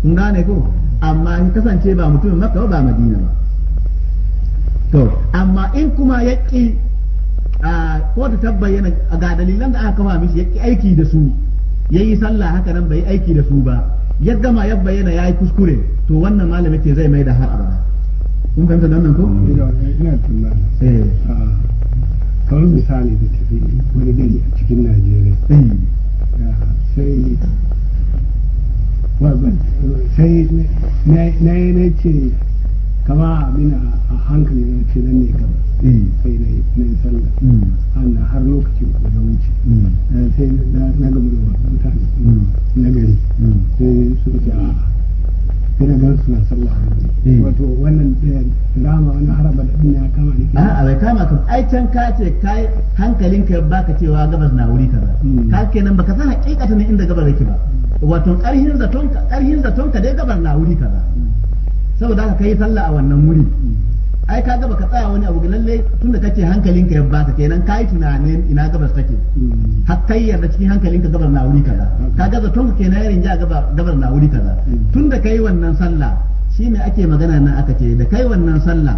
kun gane ko amma in kasance ba mutumin makka ba madina ba to amma in kuma ya ƙi ko ta tabbayyana ga dalilan da aka kama mishi ya ƙi aiki da su ya yi sallah haka nan bai aiki da su ba ya gama ya bayyana ya yi kuskure to wannan malami ce zai mai da har abada kun fahimta da wannan ko? Mm. ina tunna eh. kawai misali da tafi wani gari a cikin najeriya eh. sai sai na yi na ce kama abin a hankali na ce nan ne mm. sai na yi sallah mm. ana har lokacin ku ya wuce mm. eh, sai na gama da mutane na gari sai suka ce yana ban suna sallah hmm. wato wannan eh, rama wani haraba da ɗin kama ne a'a bai kama ka ai can ka ce kai hankalinka baka cewa gabas na wuri kaza hmm. ka kenan baka san hakikata ne inda gabas yake ba wato karhin zaton ka karhin zaton ka dai gabas na wuri kaza hmm. saboda haka kai sallah a wannan wuri ai ka gaba ka tsaya wani abu lalle tun da kace hankalinka ya baka kenan kai tunanin ina gabas take har kai yarda cikin hankalinka gabar na wuri kaza ka gaza tun kenan yarin ja gabar gabar na wuri kaza tun da kai wannan sallah shine ake magana nan aka ce da kai wannan sallah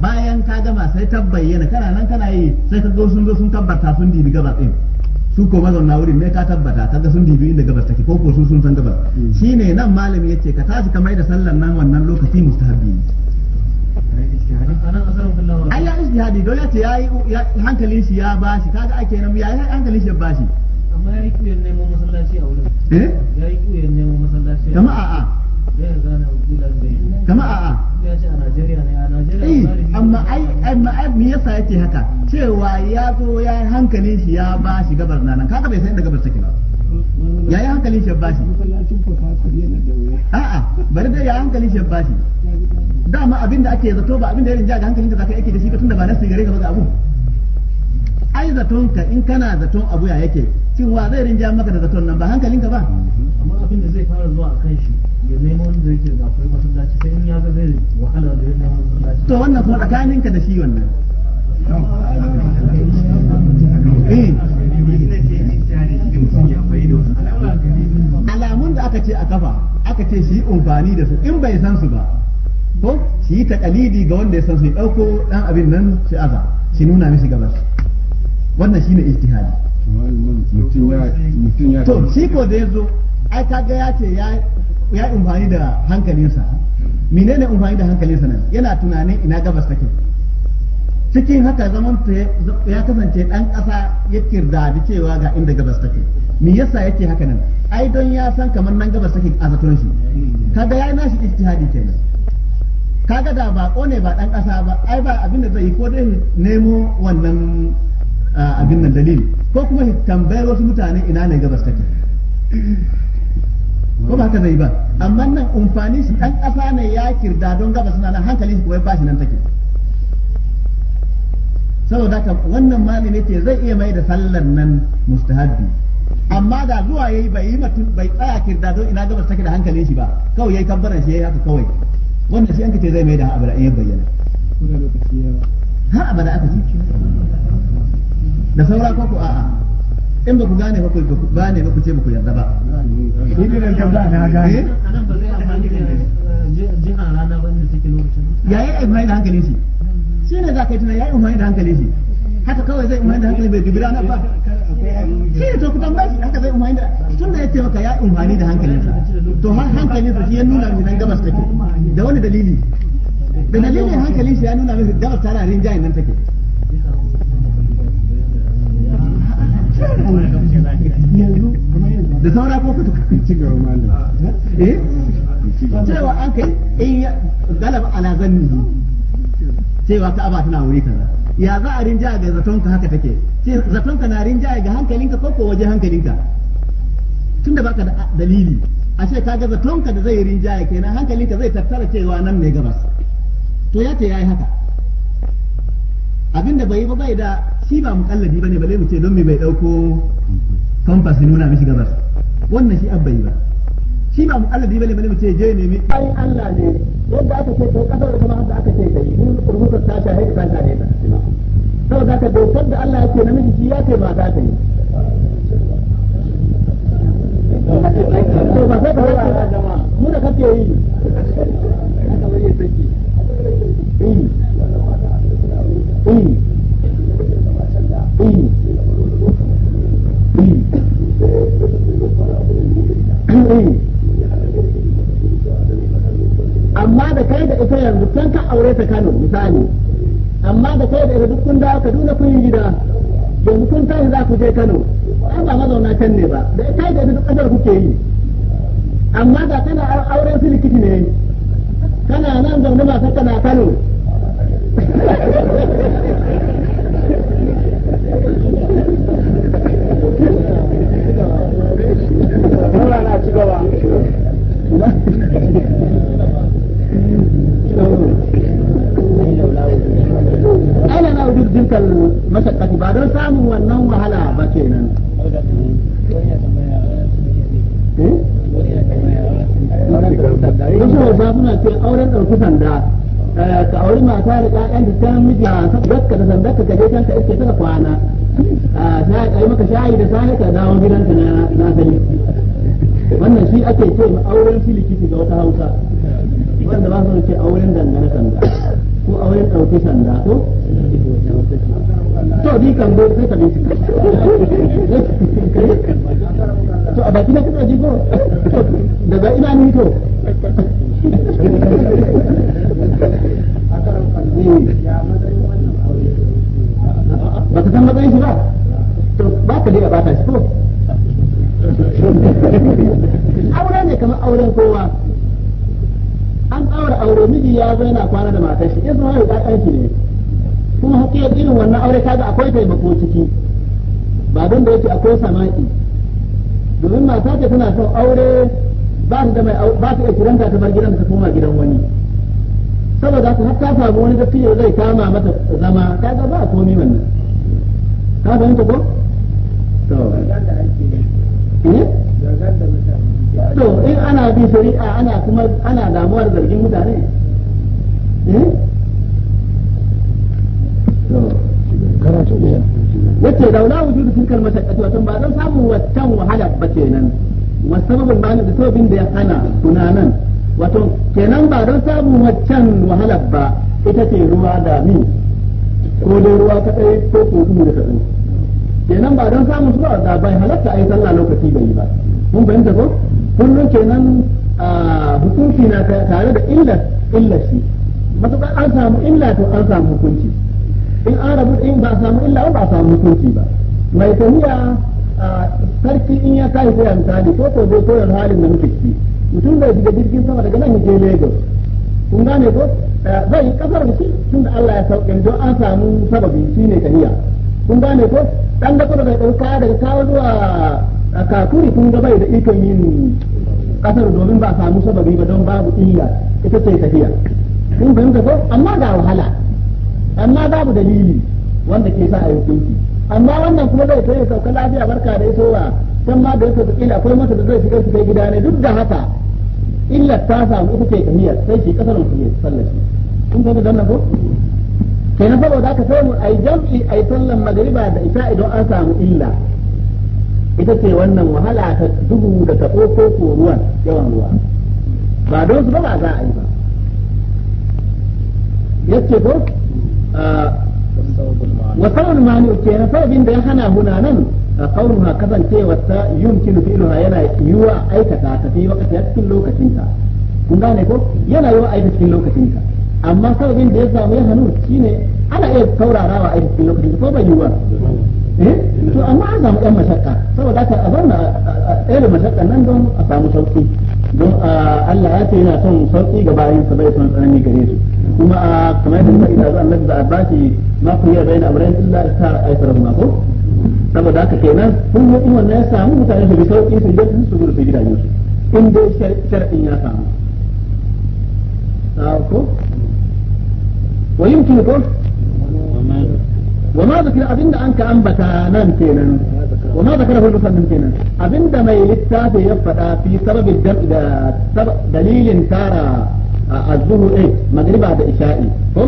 bayan ka gama sai ta bayyana kana nan kana yi sai ka zo sun zo sun tabbata sun dibi gabas din su ko na wurin ne ka tabbata ga sun dibi inda gabas take ko ko sun san gabas shine nan malami yace ka tashi mai da sallan nan wannan lokaci mustahabbi ne ai ya ijtihadi don ya ya yi hankalin shi ya bashi kaga ake nan ya yi hankalin shi ya bashi amma ya yi kuyar masallaci a wurin eh ya yi kuyar masallaci kama a'a kama a a amma ai amma ai me yasa yake haka cewa ya zo ya yi hankalin shi ya bashi gabar nan kaga bai san inda gabar take ba ya yi hankalin shabbashi a'a bari dai ya hankalin shabbashi dama abin da ake zato ba abin da ya rinja ga hankalin da zaka yake da shi ka tunda ba na sigare gaba ga abu ai zaton ka in kana zaton abu ya yake cin wa zai rinja maka da zaton nan ba hankalin ka ba amma abin da zai fara zuwa a kan shi ya nemo wanda yake da akwai masallaci sai in ya ga zai wahala da yake masallaci to wannan kuma tsakaninka da shi wannan eh ce a kafa aka ce shi umfani da su in bai san su ba ko shi yi takalidi ga wanda ya san su ya dauko dan abin nan shi aza shi nuna mishi gabas wannan shine ijtihadi to shi ko da yazo ai kaga ya ce ya ya umfani da hankalinsa menene umfani da hankalinsa nan yana tunanin ina gabas take cikin haka zaman ya kasance dan kasa ya kirda da cewa ga inda gabas take me yasa yake haka nan ai don ya san kamar nan gaba sake a zaton shi kaga ya nashi ijtihadi kenan kaga da ba ne ba dan kasa ba ai ba abin da zai yi ko dai nemo wannan abin nan dalili ko kuma tambayar wasu mutane ina ne gabas take ko ba haka zai ba amma nan umfani shi dan kasa ne ya kirda don gabas na nan hankali shi kuma ba shi nan take saboda haka wannan malami ce zai iya mai da sallar nan mustahabbi amma da zuwa yayi bai yi mutum bai tsaya kirda don ina gaba take da hankalin shi ba kawai yayi kabbaran shi yayi haka kawai wannan shi an kace zai mai da abada in ya bayyana har abada aka ce da saura ko ku a'a in ba ku gane ba ku gane ba ku ce ba ku yarda ba shi ne da ba na gane eh? anan ba zai amfani da eh, jiha rana wanda take lokacin yayi mai da hankalin shi shi ne za ka yi tunan yayi mai da hankalin shi haka kawai zai umarni da hankali bai dubi ranar ba shi ne to ku tambaye shi haka zai umarni da tun da ya ce maka ya umarni da hankalinsa to har hankalinsa shi ya nuna mai nan gabas take da wani dalili da dalilin hankalin shi ya nuna mai gabas tana rinjayen nan take da saura ko kuka ci gaba malam eh cewa an kai in galaba ala zanni cewa ta aba tana wuri kaza ya za a rinjaya ga zatonka haka take sai zatonka na rinjaya ga hankalinka ko ko waje hankalinka tunda baka da dalili ashe kaga zatonka da zai rinjaya kenan hankalinka zai tattara cewa nan ne gabas to ya ce yayi haka abinda bai yi ba bai da shi ba mukalladi bane bale mu ce don me bai dauko compass nuna mishi gabas wannan shi abbai ba shi ma mu allabi bane bane mu ce je nemi ai Allah ne yadda aka ce to kasar kuma haka aka ce dai mun rubutar ta ta haika ta ne to saboda ka dokar da Allah yake namiji shi ya ce ba za ta yi to ba za ka yi jama'a mu da kake yi haka bane saki eh eh eh da kai da ita yanzu can ka aure ta Kano misali amma da kai da ita duk kun dawo Kaduna kun yi gida yanzu kun tashi za ku je Kano ai ba mazauna can ne ba da kai da ita duk kasar kuke yi amma da kana auren su likiti ne kana nan zaune ba sai kana Kano ci gaba. <laughs> tilkal mashaqqati ba don samun wannan wahala ba ke nan. Eh? wasu hausa suna ce auren ɗauki sanda eh, ka auri mata da ƴaƴan da ta miji ah, a sakka da sanda ka gaje kanka iske ta kwana ah, a yi maka shayi da sani ka dawo gidanka na sani wannan shi ake ce auren filikiti ga wata hausa wanda ba su ce auren dangane sanda ko auren ɗauki sanda ko abi kan go sai ka bincika to a baki na kuma ji ko daga ina ni to ba ka san matsayin shi ba to ba ka dai ba ta shi ko aure ne kamar auren kowa an aure aure miji ya zaina kwana da matar shi isma'il ɗan ɗan ne in haƙiyar irin wannan aure kaga akwai taimako ciki ba don da yake akwai sama'i domin mata ce tana son aure ba su da mai ba su iya kiranta ta bar gidan ta koma gidan wani saboda haka har ta samu wani dattijo zai kama mata zama kaga ba komai wannan ka fahimta ko to eh? to in ana bi shari'a ana kuma ana damuwar zargin mutane eh yace laula wujudu tilkal mashaqqati wa ba dan samu waccan wahala ba kenan wa sababin ba da sababin da ya hana tunanan wato kenan ba dan samu waccan wahala ba ita ce ruwa da mi ko dai ruwa kadai ko ko duhu da kadai kenan ba dan samu zuwa da bai halatta ai sallah lokaci bai yi ba mun bayyana ko kullum kenan hukunci na tare da illa illa shi matuƙar an samu illa to an samu hukunci in an rabu in ba samu illa ba samu mutunci ba mai tafiya sarki in ya kai sai misali ko ko zai koyar halin da muke ciki mutum zai shiga jirgin sama daga nan je Lagos kun gane ko zai yi kasar mutum tun da Allah ya sauke don an samu sababi shine tafiya kun gane ko dan da kuma daga kawo zuwa kakuri kun ga bai da ikon yin kasar domin ba samu sababi ba don babu illa ita ce tafiya kun fahimta ko amma ga wahala amma babu dalili wanda ke sa a yi hukunci amma wannan kuma zai kai sauka lafiya barka da isowa kan ma da yake da kila akwai masa da zai shiga su kai gida ne duk da haka illa ta samu ita ce kamiya sai shi kasar mutum ya sallaci kun fahimta dan nan ko kenan saboda aka samu ai jam'i ai sallan magriba da isha idan an samu illa ita ce wannan wahala ta duhu da ta ko ko ruwan yawan ruwa ba don su ba ba za a yi ba yace ko wa sababul mani kenan sababin da ya hana huna nan kaunuha kasancewarta yumkinu fi'luha yana yiwa aikata ta wakati cikin lokacinta kun gane ko yana yiwa aikata cikin lokacinta amma sababin da ya samu ya hannu shine ana iya taurarawa wa cikin lokacin ko bai yiwuwa eh to amma an samu ɗan mashakka saboda haka a zauna a tsere mashakka nan don a samu sauki don Allah ya ce yana son sauki ga bayan bai son tsanani gare su kuma kamar yadda ina zuwa annabi ba a bashi ma ku yi bayan amrain illa ta aikar ma ko saboda haka kenan kun yi wannan ya samu mutane su bi sauki su je su gudu su gidajen su in dai shar'in ya samu ko wa yumkin ko وما ذكر أبن أنك أنبت نان كينا وما ذكره المصنف كينا أبن ما يلتاف يفتا في سبب الجمع دليل تارى الظهر ايه magriba da إشائي ko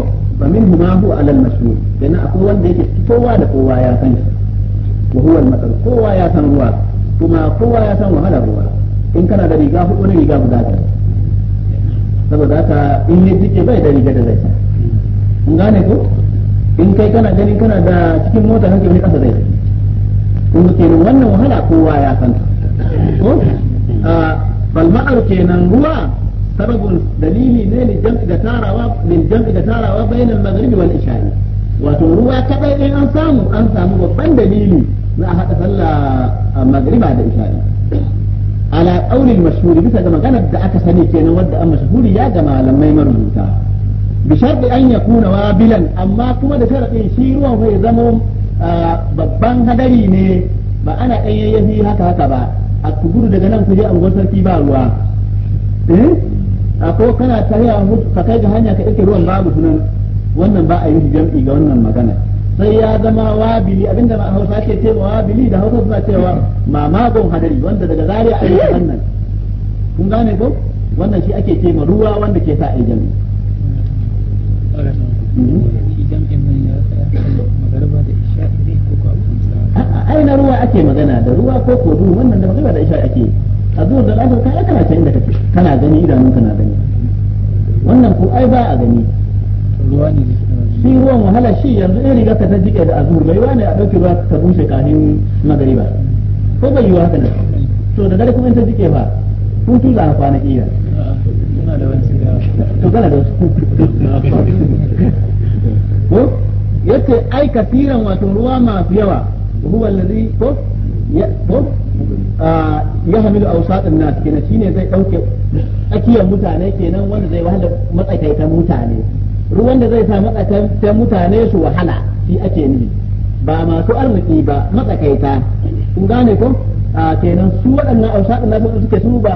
هو على المشهور لأن أكون وان ديك كوا لكوا يا فنش وهو المثل كوا يا سن روا كما يا سن وهلا روا إن كان ده ريقا هو ريقا بداك saboda haka in ya jike bai da riga da zai sa kun gane ko in kai kana gani kana da cikin mota kake wani kasa zai sa kun kenan wannan wahala kowa ya san ko a bal kenan ruwa sababin dalili ne ne jam'i da tarawa lil jam'i da tarawa isha'i wato ruwa kadai in an samu an samu babban dalili za a haɗa sallah da isha'i ala qaulil mashhuri bisa ga maganar da aka sani kenan wadda an mashhuri ya ga malamai marubuta bi sharti an yakuna wabilan amma kuma da sharadin shi ruwan zai zamo babban hadari ne ba ana ɗan yayyafi haka haka ba a kuburu daga nan kuje a sarki ba ruwa a ko kana tarewa mutu ka kai ga hanya ka ɗauke ruwan babu sunan wannan ba a yi jam'i ga wannan magana sai ya zama wabili abinda ma hausa ke cewa wabili da hausa suna cewa mamagon hadari wanda daga zariya a yi wannan kun gane ko wannan shi ake ce ma ruwa wanda ke sa a yi jam'i ai na ruwa ake magana da ruwa ko ko duhu wannan da magana da isha ake yi. a zuwa da lafiyar kai kana can inda kake kana gani idanun kana gani wannan ko ai ba a gani shi ruwan wahala shi yanzu in riga ka ta jike da azur bai wani a dauki ruwa ka bushe kafin ba ko bai yiwu haka nan to da dare kuma in ta jike ba hutu za a kwana iya to kana da ko yace aika kafiran wato ruwa masu yawa huwa allazi ko Ah, ya hamilu awsatun nasu kenan shine zai dauke tsakiyar mutane kenan wanda zai wahala matsakaitan mutane ruwan da zai sa matsakaitan mutane su wahala shi ake nufi ba masu arziki ba matsakaita kun gane ko a ah, kenan su waɗannan awsatun nasu da suke su ba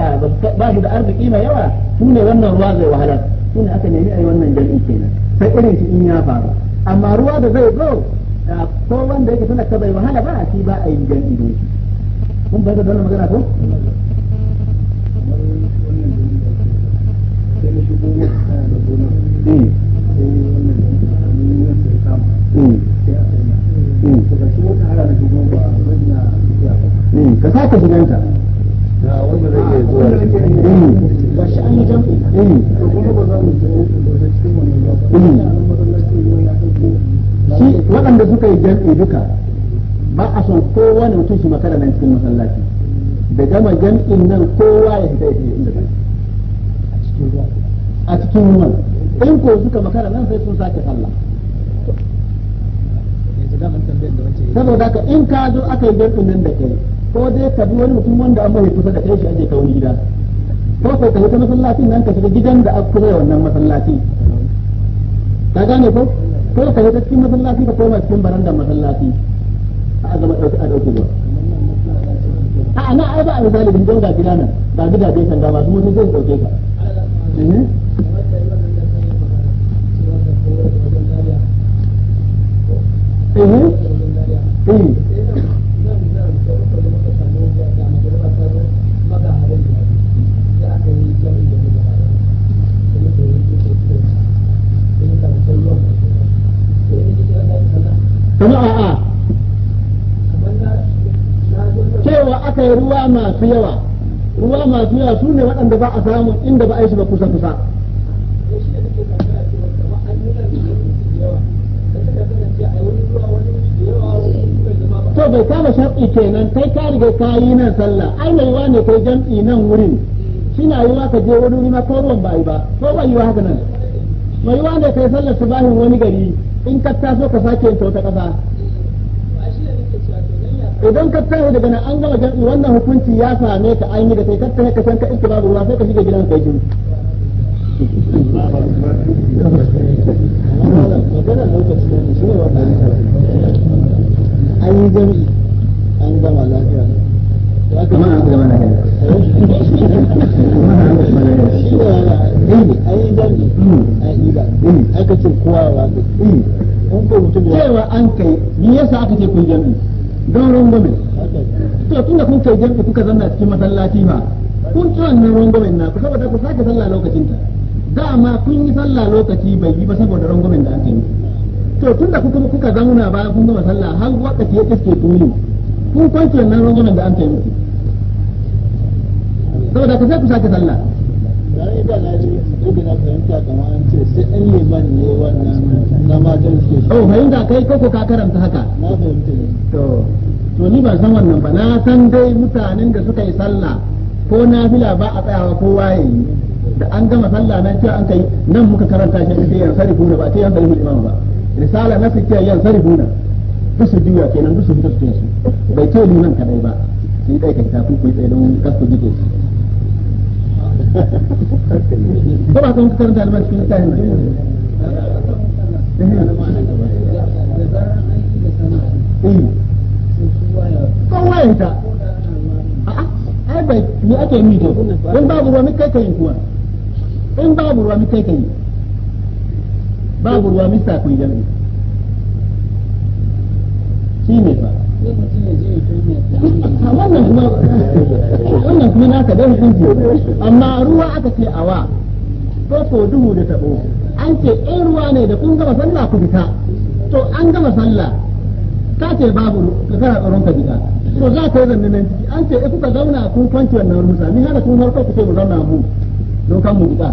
ba su da arziki mai yawa su ne wannan ruwa zai wahala su ne aka nemi a yi wannan jami'i kenan sai irin shi in ya faru amma ruwa da zai zo Ah, ko wanda yake tana ta bai wahala ba shi ba a yi gan ido shi kun ba da wannan magana ko eh. Eh, ka sake shigansa ga eh. wanda zai iya zuwa da shi ba shi an yi jam'i suka yi jam'i duka ba a son kowane mutum shi makara nan cikin masallaci da gama jam'in nan kowa ya fita ya fita inda bai a cikin ruwan in ko suka makara nan sai sun sake sallah saboda ka in ka zo aka yi jam'in nan da kai ko dai ka bi wani mutum wanda an bai kusa da kai shi aje ka wani gida ko ko ka yi ta masallacin nan ka shiga gidan da aka kusa wannan masallaci ka gane ko sai sai ta cikin masallaci ka koma cikin baranda masallaci a azama ɗauki a ɗauki ruwa a ana ai ba a misali don ga gida nan ba gida bai kan ga kuma mutum zai ɗauke ka eh eh masu yawa ruwa masu yawa su ne waɗanda ba a samu inda ba a yi su ba kusa kusa to bai kama sharɗi kenan kai ka riga ka yi nan sallah ai mai wa ne kai jam'i nan wurin shi na yiwa ka je wani wuri ma ko ruwan ba yi ba ko ba yi yiwa haka nan mai wa ne kai sallar su bahin wani gari in ka taso ka sake yin ta wata ƙasa idan ka tsaye daga nan an gama jami'i wannan hukunci ya same ka an yi da kai kakkan ka san ka iske babu ruwa sai ka shiga gidan kai jini an yi jami'i an gama lafiya amma an gama lafiya cewa an kai me yasa aka ce kun jami'i don rangwame to tun da kun kai jam'i kuka zanna cikin masallaci ba kun ci wannan rangwamen na ku saboda ku sake sallah lokacin ta dama kun yi sallah lokaci bai yi ba saboda rangwamen da aka yi to tun da kuka kuka zanna ba kun gama sallah har wakati ya iske tuni kun kwanci wannan rangwamen da an kai muku saboda ku sai ku sake sallah na kai koko ka karanta haka? Na san wannan ba, na san dai mutanen da suka yi sallah ko na fila ba a tsayawa ko waye Da an gama sallah nan cewa an kai nan muka karanta shi sai yan kuna ba ce yan sarifu kuna ba. Risala na suke yan sari kuna. Duk juya kenan duk su fita su bai ce liman kadai ba. sai dai ka tafi ku tsaye don kasu jike su. ko ba kan karanta albashi cikin kayan kowa ya ta ake yi to in babu ruwa kai kai kuwa in babu ruwa kai kai babu ruwa kun shi ne ba wannan kuma wannan kuma naka dai hukunci amma ruwa aka ce awa ko ko duhu da tabo an ce in ruwa ne da kun gama sallah ku fita to an gama sallah ka ce babu ka kana tsaron ka fita to za ka yi zanne nan ciki an ce kuka zauna kun kwanci wannan rusa ni hada kun farko ku ce mu zauna mu don kan mu fita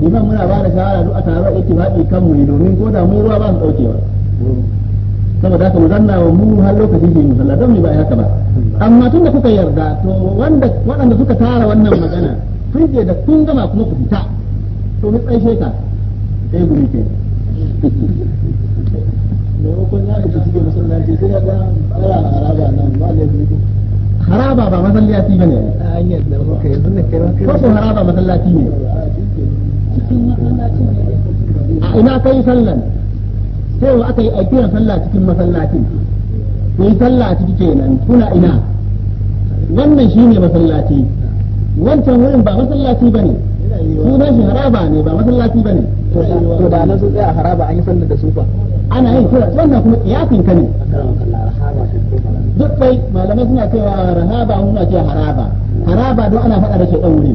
liman muna ba da shawara duk a tare da ittifaqi kan mu domin ko da mu ruwa ba su daukewa saboda haka mu zanna wa mu har lokacin shi mu sallah don mu ba haka ba amma tunda kuka yarda to wanda waɗanda suka tara wannan magana kun je da kun gama kuma ku fita to mu tsaye ka eh gumi ke haraba ba masallaci bane ne kai ko haraba masallaci ne a ina kai sallan cewa aka yi a kiran sallah cikin masallacin ku yi sallah a ciki kenan kuna ina wannan shi ne masallaci wancan wurin ba masallaci bane sunan shi haraba ne ba masallaci ba ne. to ba na sun tsaya haraba an yi sallar da su fa ana yin kira wannan kuma kiyasin ka ne duk sai malamai suna cewa rahaba suna cewa haraba haraba don ana faɗa da shi ɗan wuri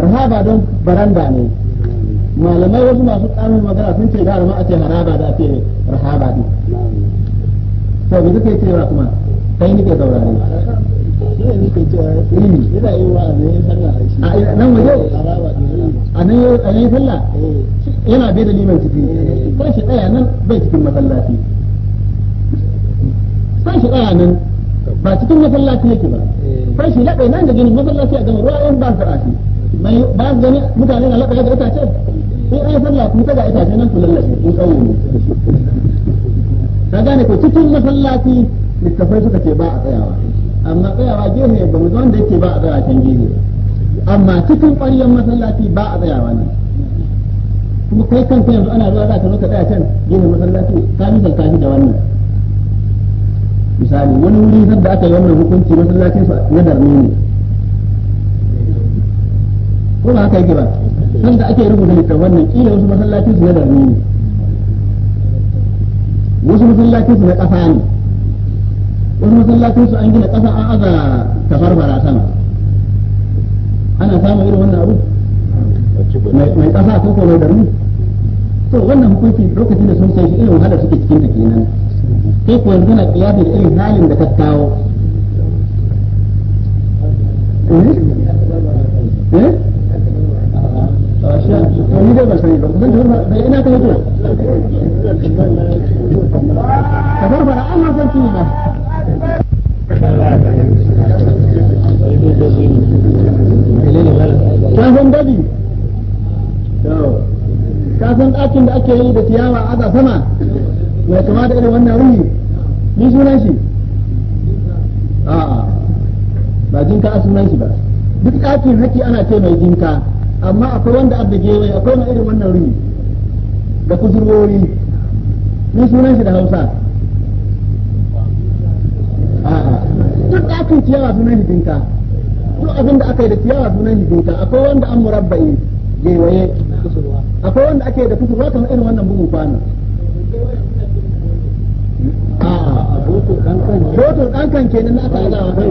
rahaba don baranda ne malamai wasu masu tsamin magana sun ce gara ma a ce haraba da a ce rahaba ne to me kake cewa kuma kai nake saurare ilimi ne sallah a eh, nan waje a nan yau a nan sallah eh. yana bai da ciki eh. sai shi tsaya nan bai cikin masallaci sai shi tsaya nan ba cikin masallaci yake ba sai shi laɓe nan da gini masallaci a gama ruwa yan ba su rashi ba gani mutane na laɓe da itace sai ai sallah ku ga itace nan ku lallace ku mu. ka gane ko cikin masallaci littafai suka ce ba a tsayawa amma tsayawa gefe ba mu wanda yake ba a tsayawa can gefe amma cikin ƙwaryen masallaci ba a tsayawa ne. kuma kai kanka yanzu ana zuwa za ka zo ka tsaya can gefe masallaci ka misalta shi da wannan misali wani wuri zan da aka yi wannan hukunci masallacin na darni ne ko ba haka yake ba sun da ake rubuta littafan nan kila wasu masallaci su na da ne wasu masallaci su na ƙasa ne wasu masallaci su an gina ƙasa an aza kafar sama ana samun irin wannan abu mai ƙasa ko ko mai darni to wannan hukunci lokacin da sun sai shi irin wahala suke cikin ta kenan kai ko yanzu na kiyasi da irin halin da ka kawo eh eh ni ban sani ba ina ka mutu ka bar amma ka san gadi ka san ɗakin da ake yi da ciyawa a ga sama mai kama da irin wannan ni sunan shi a'a ba jinka a sunan shi ba duk ɗakin haki ana ce mai jinka amma akwai wanda adda gewaye akwai wani irin wannan rumi da kusurwori ni sunan shi da hausa da aka yi ciyawa sunan hidinka duk abin da aka yi da ciyawa sunan hidinka akwai wanda an murabba'i gewaye akwai wanda ake da kusurwa kamar irin wannan bugun kwano a'a botul ɗankan kenan na aka azawa kai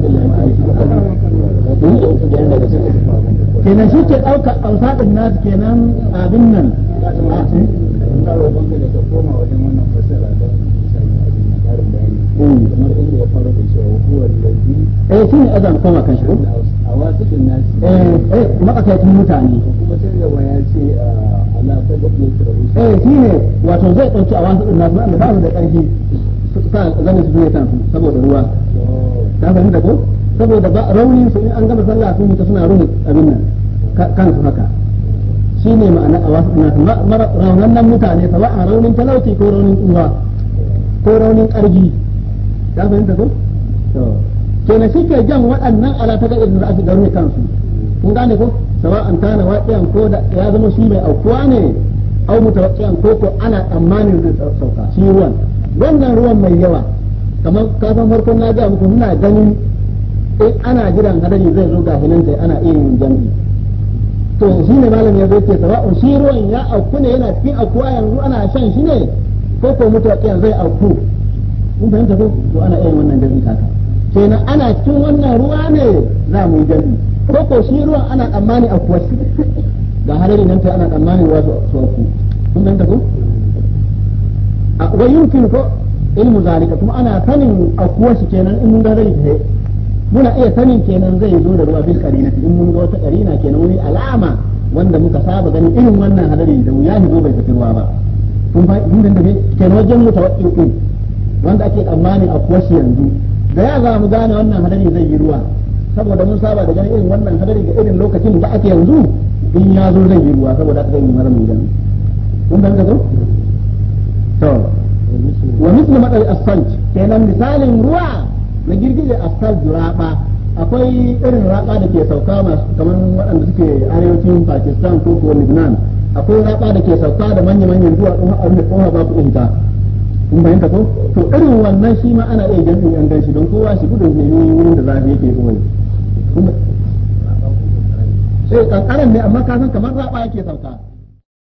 kenan shi ke ɗaukar ausaɗin nasu kenan abin nan eh shi ne azan kama kan shi ko a wasiƙin nasi eh eh makasaitin mutane kuma ce eh shi ne wato zai ɗauki a ɗin nasu ba da ƙarfi sa zama su ne kansu saboda ruwa ta fahimta ko saboda ba raunin su in an gama sallah sun ta suna ruhu abin nan kansu haka shi ne ma'ana a wasu ina raunan nan mutane sawa a raunin talauci ko raunin uwa ko raunin ƙarfi ta fahimta ko kenan shi ke jan waɗannan ala ta gaɗe da ake garin kansu kun gane ko sawa an tana waɗiyan ko da ya zama shi mai aukuwa ne au mutawakkiyan ko ko ana tsammanin zai sauka shi ruwan wannan ruwan mai yawa kamar kafin farkon na ga muku muna ganin in ana jiran hadari zai zo ga hinan sai ana iya yin jambi to shi ne malam ya zai ce sawa'un oh, shi ruwan ya auku ne yana cikin akuwa yanzu ana shan shi ne ko ko mutuwa zai auku mun fahimta ko to ana iya wannan jambi kaka kenan ana cikin wannan ruwa ne za mu yi jambi ko ko shi ruwan ana tsammani akuwa ga hadari nan sai ana tsammani ruwa su auku mun fahimta ko wa yumkin ko ilmu zalika kuma ana sanin akuwar shi kenan in mun ga zai tafi muna iya sanin kenan zai zo da ruwa bil karina in mun ga wata karina kenan wani alama wanda muka saba ganin irin wannan hadari da ya shigo bai tafi ruwa ba kun fa mun da kenan wajen mutawaqqi'in wanda ake tsammani akuwar shi yanzu da ya za mu gane wannan hadari zai yi ruwa saboda mun saba da ganin irin wannan hadari ga irin lokacin da ake yanzu in ya zo zai yi ruwa saboda ta gani yi mara mu gani kun ga ko to wa mislu matsal asfalt kenan misalin ruwa na girgije asfalt raba akwai irin raba da ke sauka masu kamar waɗanda suke arewacin Pakistan ko ko Lebanon akwai raba da ke sauka da manya-manyan duwatsu har da tsoha babu inta kun bayyanta ko to irin wannan shi ma ana iya jami'in an ganshi don kowa shi gudun nemi wurin da zafi yake kawai sai kankaran eh, ne amma ka san kamar raba yake sauka